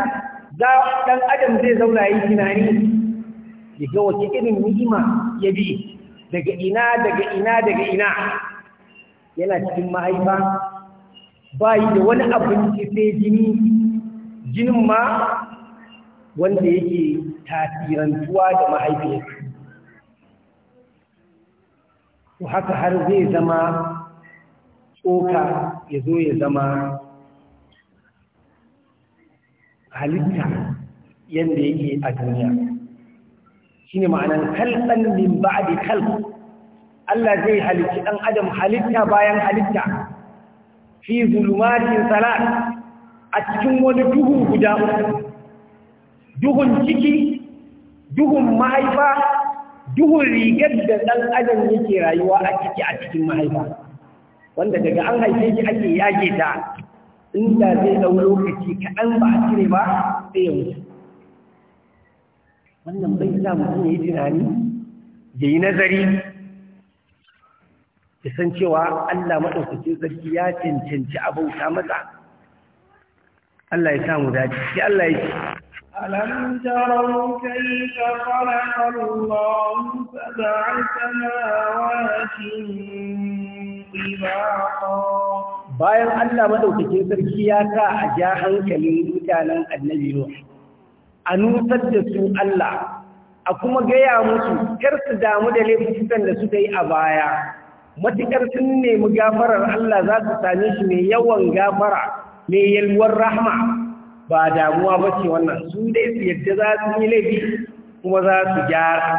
[SPEAKER 2] za ɗan adam zai zauna yi tunani Ya ga wace irin ni'ima ya bi daga ina daga ina daga ina yana cikin mahaifa ba yi da wani abinci sai jini jinin ma wanda yake tasirantuwa da mahaifiyarsa to haka har zai zama tsoka ya zo ya zama halitta yadda yake a duniya shi ne ma'anar kalɗan a bi kalb Allah zai halitta ɗan adam halitta bayan halitta fi zulumatin salat a cikin wani duhu guda uku duhun ciki duhun mahaifa duhun rigar da ɗan adam yake rayuwa a ciki a cikin mahaifa wanda daga an haife shi ake yage ta inda zai ɗau lokaci kaɗan ba a cire ba sai ya mutu wannan bai sa mutum ya yi tunani da yi nazari ya san cewa Allah maɗaukacin sarki ya cancanci abauta maza. Allah ya samu dace shi Allah ya ce
[SPEAKER 1] ألم تروا كيف خلق الله سبع سماوات طباقا bayan
[SPEAKER 2] Allah madaukakin sarki ya sa a ja hankalin mutanen annabi Nuh a nusar da su Allah a kuma gaya musu kar su damu da laifukan da suka yi a baya matukar sun nemi gafarar Allah za su same shi mai yawan gafara mai yalwar rahma ba damuwa ba ce wannan su dai su yadda za su yi laifi kuma za su gyara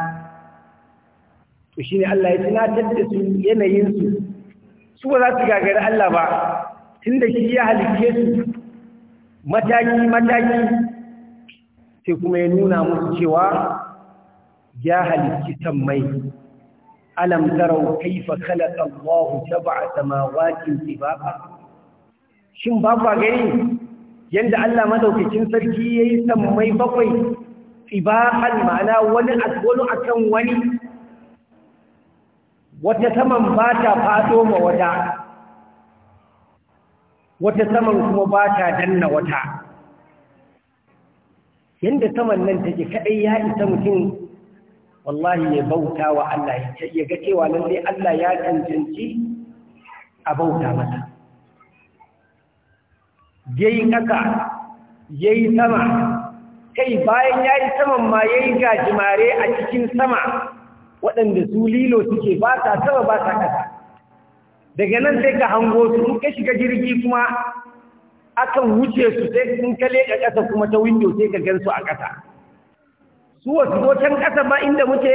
[SPEAKER 2] to shi ne Allah ya tunatar da su yanayinsu su ba za su gagari Allah ba tun da shi ya halitte su mataki-mataki sai kuma ya nuna musu cewa ya halitti mai. alam tarau kaifa khalaqa Allahu sab'a samawati tibaqa shin ba ba gani yanda Allah madaukakin sarki yayi sammai bakwai ibahan ma'ana wani a akan wani wata saman ba ta fado ma wata wata saman kuma ba ta danna wata yanda saman nan take kaɗai ya isa mutum wallahi ya bauta wa Allah ya ga cewa lallai Allah ya cancanci a bauta masa ya yi ƙasa ya yi sama kai bayan ya yi saman ma ya yi gajimare a cikin sama waɗanda su lilo suke ba sa sama ba sa ƙasa daga nan sai ka hango su ka shiga jirgi kuma akan wuce su sai sun ka ƙasa kuma ta windo sai ka gan a ƙasa su wasu zo can ƙasa ba inda muke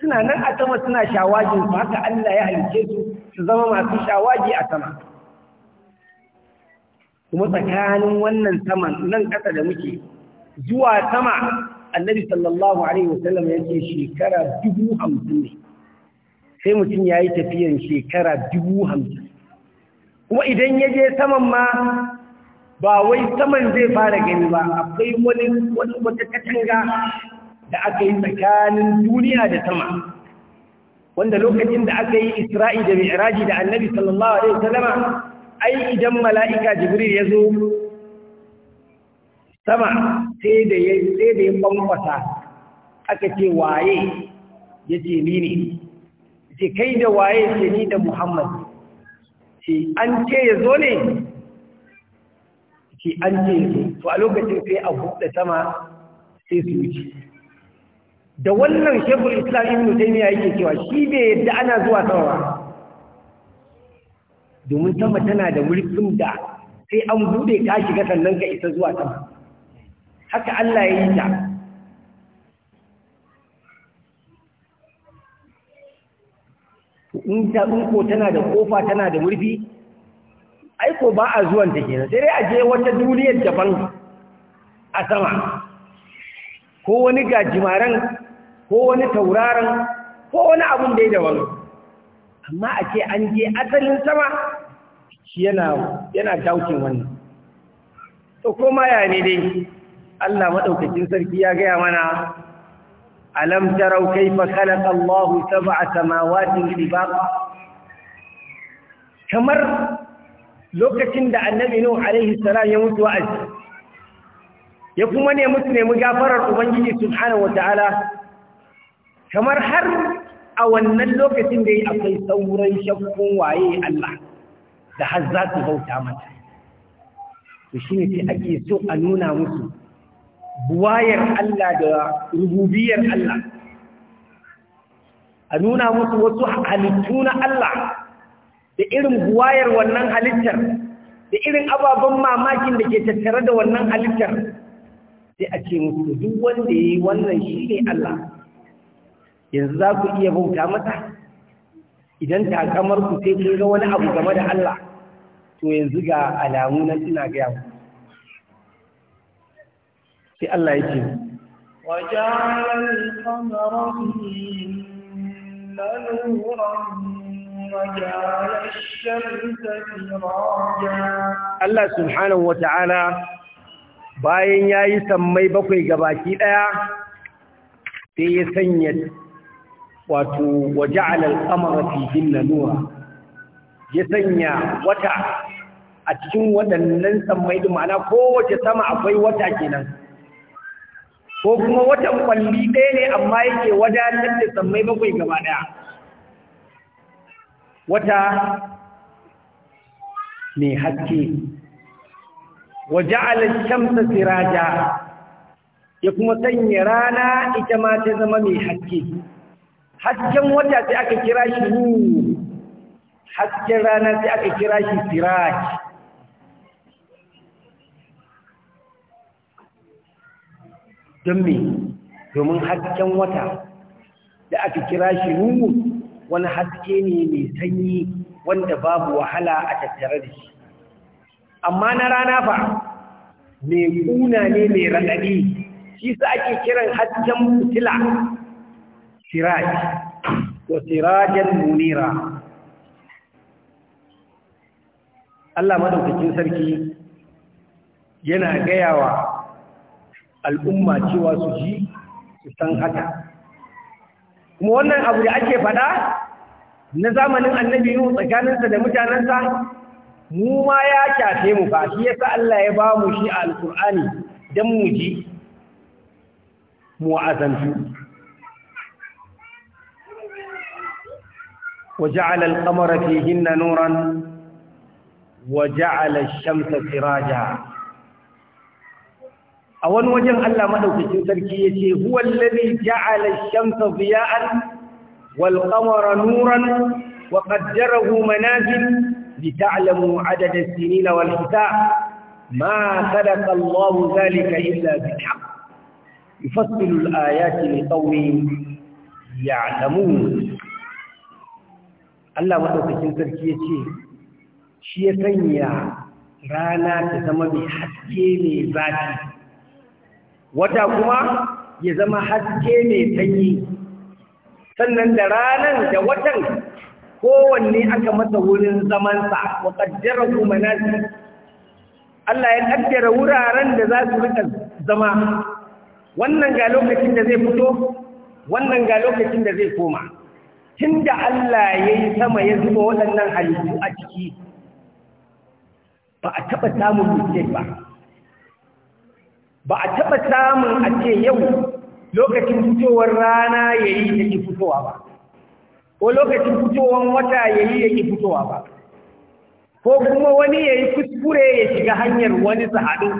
[SPEAKER 2] suna nan a sama suna shawajin haka Allah ya halice su su zama masu shawagi a sama kuma tsakanin wannan saman nan ƙasa da muke zuwa sama annabi sallallahu alaihi wasallam ya ce shekara dubu hamsin ne sai mutum ya yi tafiyan shekara dubu hamsin kuma idan ya je saman ma ba wai saman zai fara gani ba akwai wani wata katanga da aka yi tsakanin duniya da sama wanda lokacin da aka yi isra'i da mi'raji da annabi sallallahu alaihi wasallama ai idan mala'ika jibril ya zo sama sai da ya sai da ya bambata aka ce waye yace ni ne ce kai da waye ce ni da muhammad ce an ce ya zo ne ce an ce ya zo to a lokacin sai a buɗe sama sai su wuce da wannan shekul islam ibn taymiya yake cewa shi bai yadda ana zuwa sama ba domin sama tana da murfin da sai an bude ta shiga sannan ka isa zuwa sama haka Allah ya yi ta in ta ko tana da kofa tana da murfi aiko ba a zuwan ta na. sai dai a je wata duniyar daban a sama ko wani gajimaren ko wani tauraron ko wani abun da ya daban amma a ce an je asalin sama shi yana yana wannan to koma ya ne dai Allah madaukakin sarki ya gaya mana alam tarau Allahu, khalaqa Allah sab'a samawatin tibaqa kamar lokacin da annabi Nuhu alaihi salam ya mutu wa'azi ya kuma ne mutu nemi gafarar ubangiji subhanahu wataala kamar har a wannan lokacin da yi akwai sauran shakkun waye Allah da har za su bauta mata to shi ne ake so a nuna musu buwayar Allah da rububiyar Allah a nuna musu wasu halittu na Allah da irin buwayar wannan halittar da irin ababen mamakin da ke tattare da wannan halittar sai a ce musu duk wanda ya yi wannan shi ne Allah yanzu za ku iya bauta mata idan ta kamar ku sai kun ga wani abu game da Allah to yanzu ga alamu nan ina gaya ku. sai Allah ya ce
[SPEAKER 1] وجعل القمر فيهن نورا وجعل الشمس سراجا الله
[SPEAKER 2] سبحانه وتعالى bayan ya yi sammai bakwai gabaki ɗaya sai ya sanya wato waje al-qamara fi hinna nura. ya sanya wata a cikin waɗannan sammai da ma'ana kowace sama akwai wata kenan ko kuma watan kwalli ɗaya ne amma yake wadatar da samai bakwai gaba ɗaya wata mai haske waje shamsa siraja ya kuma sanya rana ita ma ta zama mai haske hasken wata sai aka kira shi hasken rana sai aka kira shi siraj don me domin hasken wata da aka kira shi nuru wani haske ne mai sanyi wanda babu wahala a tattare da shi amma na rana fa mai kuna ne mai raɗaɗi shi su ake kiran hasken fitila siraj ko sirajen munira Allah madaukakin sarki yana gayawa al'umma cewa su ji su san haka kuma wannan abu da ake faɗa na zamanin annabi yiwu tsakaninsa da mutanensa mu ma ya shafe mu ba shi yasa Allah ya ba mu shi a alkur'ani don mu ji mu azantu وجعل القمر فيهن نورا وجعل الشمس سراجا a wani wajen Allah madaukakin sarki yace huwal ladhi ja'ala ash-shamsa diya'an wal qamara nuran wa qaddarahu manazil lita'lamu 'adada as-sinina wal hisab ma khalaqa Allahu dhalika illa bil haqq yufassilu al-ayati liqawmin ya'lamun Allah madaukakin sarki yace shi ya sanya rana ta zama mai haske mai zafi wata kuma ya zama haske mai sanyi sannan da ranar da watan kowanne aka masa wurin zamansa wa ƙaddara kuma nasi Allah ya ƙaddara wuraren da za su rika zama wannan ga lokacin da zai fito wannan ga lokacin da zai koma tun da Allah ya yi sama ya zuba waɗannan halittu a ciki ba a taɓa samun mistake ba ba a taɓa samun a ce yau lokacin fitowar rana ya yi ya ƙi fitowa ba ko lokacin fitowar wata ya yi ya ƙi fitowa ba ko kuma wani ya yi kuskure ya shiga hanyar wani sahadu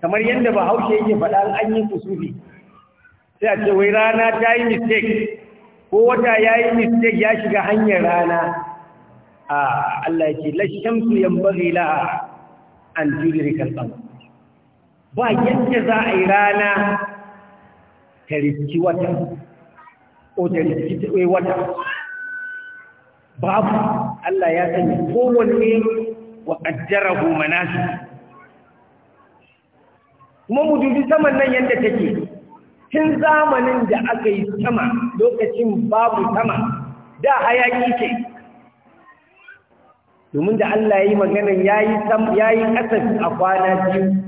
[SPEAKER 2] kamar yadda ba haushe yake faɗa an yi kusufi sai a ce wai rana ta yi mistake ko wata ya yi mistake ya shiga hanyar rana a Allah ya ce lashamsu yan bari la'a an kan ba yadda za a yi rana ta riski wata ko ta riski ta wata babu Allah ya sani kowanne wa ƙaddarahu manasu kuma mu dubi saman nan yadda take tun zamanin da aka yi sama lokacin babu sama da hayaki ce domin da Allah ya yi maganin ya yi ƙasar a kwana biyu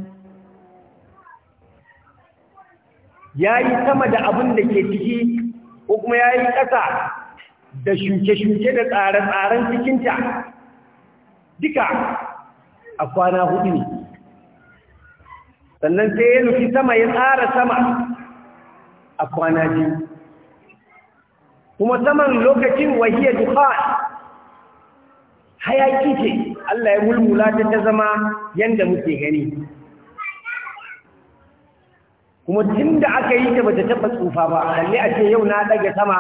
[SPEAKER 2] ya yi sama da abin da ke ciki ko kuma ya yi ƙasa da shuke-shuke da tsare-tsaren cikinta duka a kwana hudu ne sannan sai ya nufi sama ya tsara sama a kwana biyu kuma saman lokacin wahiyar duka hayaki ce Allah ya mulmula ta ta zama yadda muke gani kuma tun da aka yi ta bata taɓa tsufa ba kalli a ce yau na ɗaga sama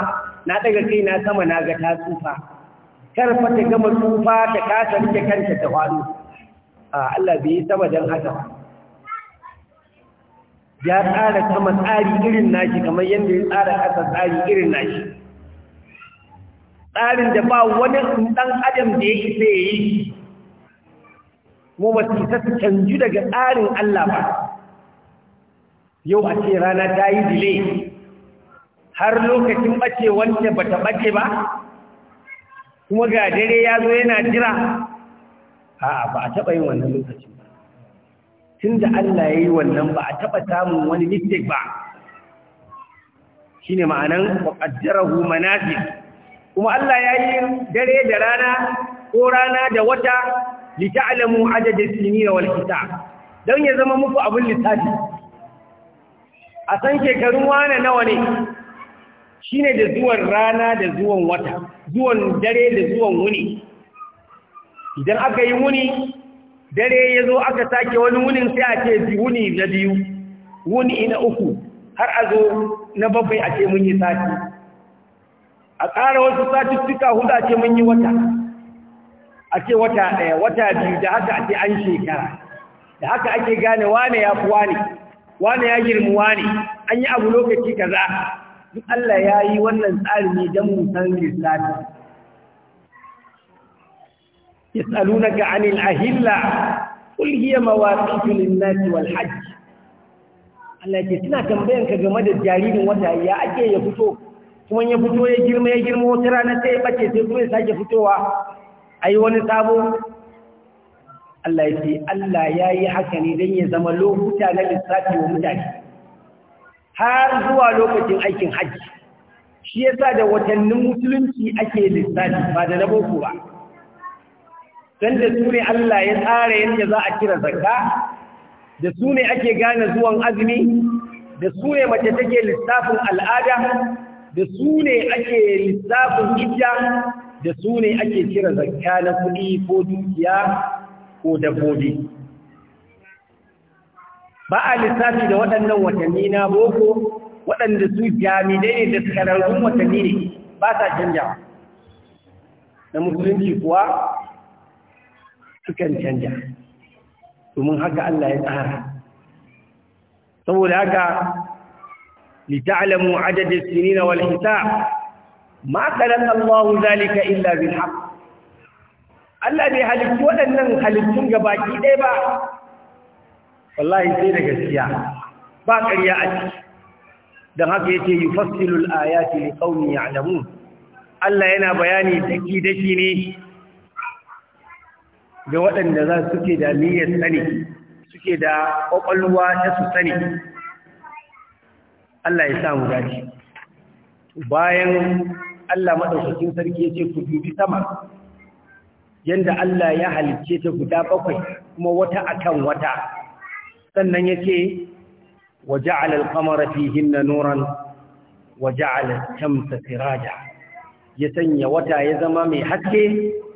[SPEAKER 2] na ɗaga kai na sama na ga ta tsufa karfa ta gama tsufa ta kasa rike kanta ta faɗo a Allah bai yi sama don haka ya tsara sama tsari irin nashi kamar yadda ya tsara ƙasa tsari irin nashi tsarin da ba wani ɗan adam da ya kisa ya yi mu ba su su canju daga tsarin Allah ba yau a ce rana ta yi dile har lokacin ɓace wanda ba ta ɓace ba kuma ga dare ya zo yana jira a'a ba a taɓa yin wannan lokacin ba tun da Allah ya yi wannan ba a taɓa samun wani mistake ba Shi ne ma'anan waƙaddarahu manafi kuma Allah ya yi dare da rana ko rana da wata li ta'lamu adada sinina wal hisab dan ya zama muku abin lissafi a san shekarun wane nawa ne shi da zuwan rana da zuwan wata zuwan dare da zuwan wuni idan aka yi wuni dare ya zo aka sake wani wunin sai a ce wuni na biyu wuni na uku har a zo na bakwai a ce mun yi sati a tsara wasu sati suka hudu a ce mun yi wata a ce wata ɗaya wata biyu da haka a ce an shekara da haka ake gane wane ya fi wane wane ya girma wane an yi abu lokaci ka kaza duk Allah ya yi wannan tsari ne don lissafi. Ya lissafi na 'anil ahilla qul hiya mawaqitu lin wal Hajji. Allah ya suna tambayan ka game da jaririn wata ya ake ya fito kuma ya fito ya girma ya girma wata rana sai ya bace sai kuma ya sake fitowa a yi wani sabo Allah ya Allah ya yi haka ne don ya zama lokuta na lissafi wa mutane har zuwa lokacin aikin hajji shi yasa da watannin musulunci ake lissafi ba da na boko ba don da su Allah ya tsara yadda za a kira zakka da su ake gane zuwan azumi da su mace take lissafin al'ada da su ake lissafin hijja da su ake kira zakka na kuɗi ko dukiya ko dabbobi ba a lissafi da waɗannan watanni na boko waɗanda su jami'ai ne da tsararrun watanni ne ba sa canja na musulunci kuwa sukan canja domin haka Allah ya tsara saboda haka lita'lamu adada sinina na walhisa ma kana Allahu zalika illa bil Allah bai halittu waɗannan halittun ga baki ɗaya ba wallahi sai da gaskiya ba ƙarya a ciki don haka yake yi fassilul ayati li ya alamu, Allah yana bayani daki daki ne ga waɗanda za su ke da niyyar sani suke da ƙwaƙwalwa ta su sani Allah ya samu gaji. bayan Allah maɗaukakin sarki ya ce ku dubi sama yanda Allah ya halicce ta guda bakwai kuma wata akan wata sannan yake waja'ala al-qamara fihinna nuran waja'ala shamsa siraja ya sanya wata ya zama mai haske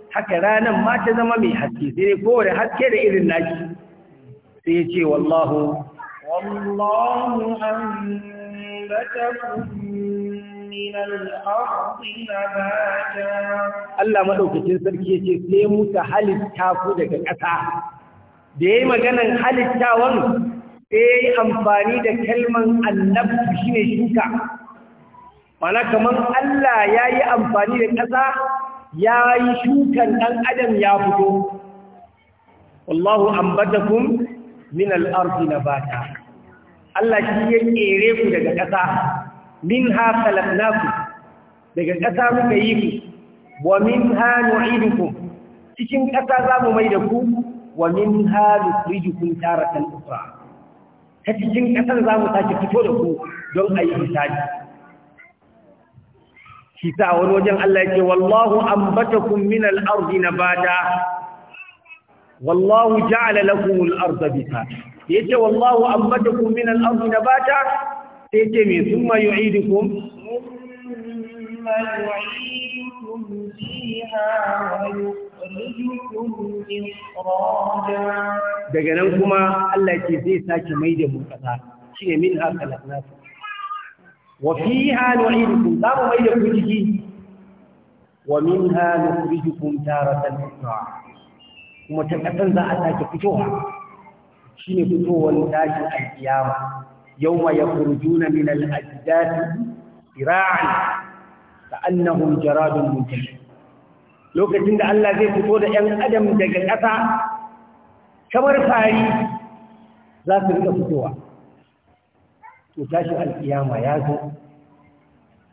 [SPEAKER 2] haka ranar ma ta zama mai haske sai kowane haske da irin naki sai ya ce wallahu
[SPEAKER 1] wallahu anbatakum
[SPEAKER 2] Allah maɗaukacin sarki ya ce sai muka halitta ku daga ƙasa. Da ya yi maganan halittawan sai ya yi amfani da kalman annabtu shi ne shuka. Mana kamar Allah ya yi amfani da ƙasa ya yi shukan ɗan adam ya fito. Wallahu ambatakum min al'arfi na bata. Allah shi ya ƙere ku daga ƙasa. minha khalaqnakum daga ƙasa muka yi ku wa minha nu'idukum cikin ƙasa za mu mai da ku wa minha nukhrijukum taratan ukhra ta cikin ƙasar za mu sake fito da ku don a yi hisabi shi sa wani wajen Allah ya ce wallahu ambatakum min al-ardi nabata wallahu ja'ala lakum al-arda bita yace wallahu ambatakum min al-ardi nabata sai
[SPEAKER 1] ce mai sun ma yi idikun
[SPEAKER 2] daga nan kuma Allah ke zai sake mai da mu kasa shi ne min haka lafi wa fi hannu idikun za mu mai da ku jiki wa min hannu kurijikun tara tattara kuma ta kasan za a sake fitowa shi ne fitowar tashin alkiyama يوم يخرجون من الأجداد سراعا كأنهم جراد منتشر lokacin da Allah zai fito da ‘yan adam daga ƙasa
[SPEAKER 1] kamar fari
[SPEAKER 2] za su rika fitowa to tashi alkiyama ya zo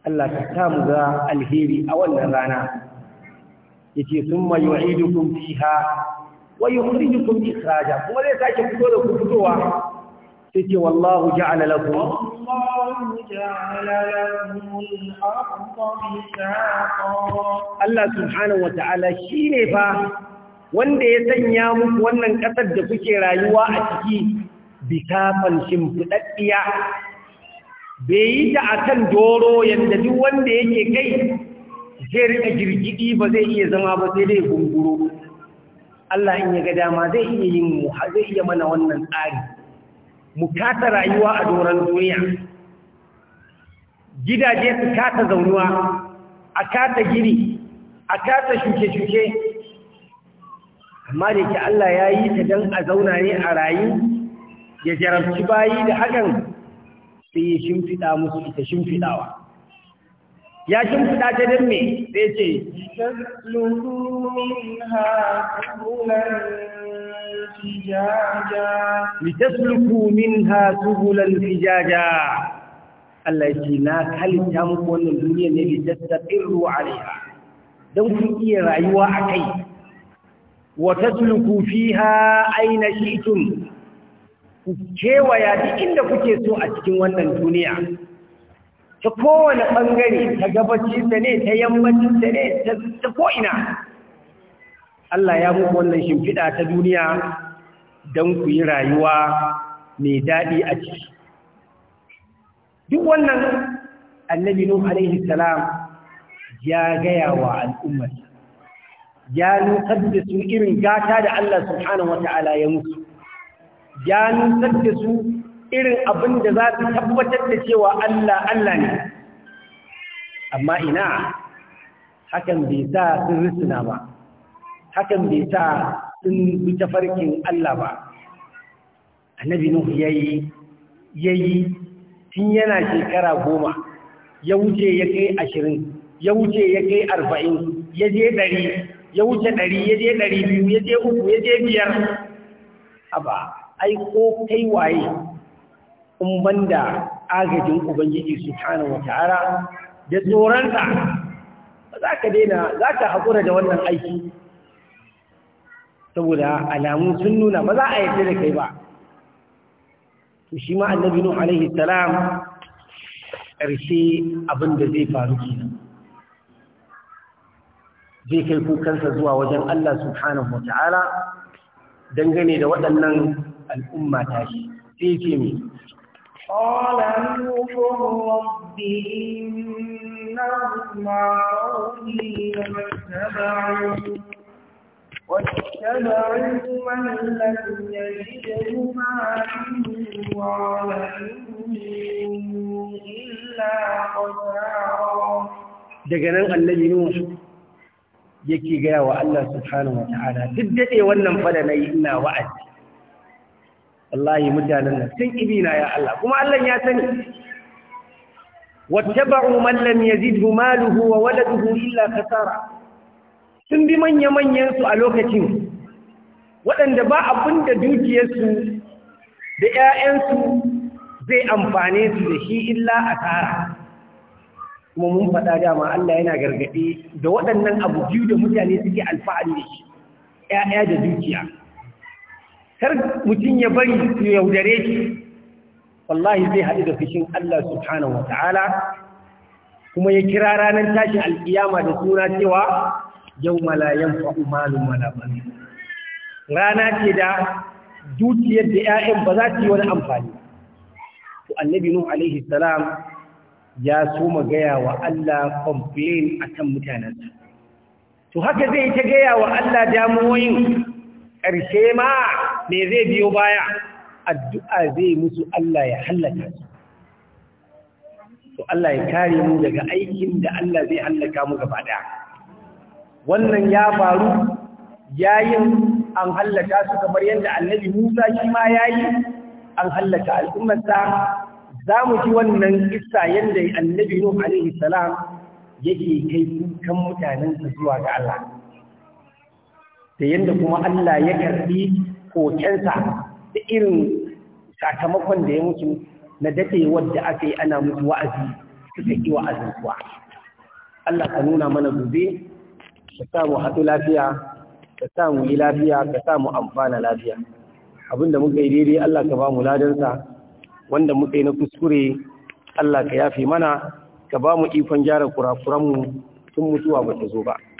[SPEAKER 2] Allah ta samu ga alheri a wannan rana yace summa yu'idukum fiha wa kuma zai
[SPEAKER 3] sake fito da ku fitowa
[SPEAKER 2] yake wallahu ja'ala lakum
[SPEAKER 1] Allah subhanahu
[SPEAKER 2] wa ta'ala shine fa wanda ya sanya muku wannan ƙasar da kuke rayuwa a ciki bikafan shimfiɗaɗɗiya bai yi ta a kan doro yadda duk wanda yake kai zai rika girgidi ba zai iya zama ba sai dai gunguro Allah in ya ga dama zai iya yin zai iya mana wannan tsari mu kata rayuwa a doron duniya gidaje su kata zaunuwa a kata gini a kata shuke-shuke amma da ke Allah ya yi ta don a zauna ne a rayu ya jarabci bayi da hakan sai ya shimfiɗa musu ita shimfiɗawa ya shimfiɗa ta don me sai
[SPEAKER 1] ce فجاجا
[SPEAKER 2] لتسلكوا منها سبلا فجاجا Allah ce na halitta muku wannan duniyar ne da tattaɓirru a laiha don ku iya rayuwa a kai wata tuluku fi ha aina shitun ku kewaya duk inda kuke so a cikin wannan duniya ta kowane ɓangare ta gabacin da ne ta yammacin da ne ta ko'ina Allah ya muku wannan shimfiɗa ta duniya don ku yi rayuwa mai daɗi a ciki. Duk wannan annabi Nuh alaihi salam ya gaya wa al'ummar, ya nutsar da su irin gata da Allah subhanahu wa ta'ala ya musu, ya nutsar da su irin abin da za su tabbatar da cewa Allah Allah ne. Amma ina hakan bai sa sun risina ba. hakan bai sa sun bi farkin Allah ba annabi nuhu yayi yayi tun yana shekara goma ya wuce ya kai ashirin ya wuce ya kai arba'in ya je ɗari ya wuce ɗari ya je ɗari biyu ya je uku ya je biyar haba ai ko kai waye in banda agajin ubangiji subhanahu wataala da tsoronsa za ka daina za ka haƙura da wannan aiki saboda alamu sun nuna ba za a yarda da kai ba to shi ma annabi nuh alaihi salam ƙarshe abin da zai faru kenan zai kai kukansa zuwa wajen Allah subhanahu wa ta'ala dangane da waɗannan al'umma tashi sai ce
[SPEAKER 1] mai واتبعوا من لكم يجده معكم وعلمهم إلا قسارا
[SPEAKER 2] دقنا الذي نوح يكي قاوة الله سبحانه وتعالى تبدأي ونم فلمي إنا وعد الله مجال الله سيئبينا يا الله كما الله ياسني واتبعوا من لم يزده ماله وولده إلا خسارا sun bi manya-manyansu a lokacin waɗanda ba abin da dukiyarsu da ‘ya'yansu zai amfane su da shi illa a tara kuma mun faɗa dama Allah yana gargaɗe da waɗannan abu biyu da mutane suke alfa'ari da shi ‘ya'ya da dukiya kar mutum ya bari su yaudare shi wallahi zai haɗu da fushin Allah subhanahu wa ta'ala kuma ya kira ranar tashin al'iyama da suna cewa yau malu mala malaman rana ce da dukiyar da ‘ya'yan ba za ta yi wani amfani to annabi nuhu alaihi salam ya so gaya wa Allah complain a kan mutanensa to haka zai ta gaya wa Allah damuwoyin ƙarshe ma me zai biyo baya addu'a zai musu Allah ya hallaka to Allah ya kare mu daga aikin da Allah zai hallaka mu gaba ɗaya wannan ya faru yayin an hallaka su kamar yadda annabi Musa shi ma yayi an hallaka al'ummarsa za mu ji wannan kissa yadda annabi Nuh alaihi salam yake kai mutanen mutanensa zuwa ga Allah da yadda kuma Allah ya karbi kokensa da irin sakamakon da ya mutu na dace da aka yi ana mutu wa'azi suka yi wa'azin kuwa Allah ka nuna mana gobe ka sa mu haɗu lafiya ka sa mu yi lafiya ka sa mu amfana lafiya abinda muka yi daidai Allah ka ba mu ladansa wanda muka yi na kuskure
[SPEAKER 1] Allah ka yafe mana ka ba mu ikon gyara kurakuranmu tun mutuwa ba ta zo ba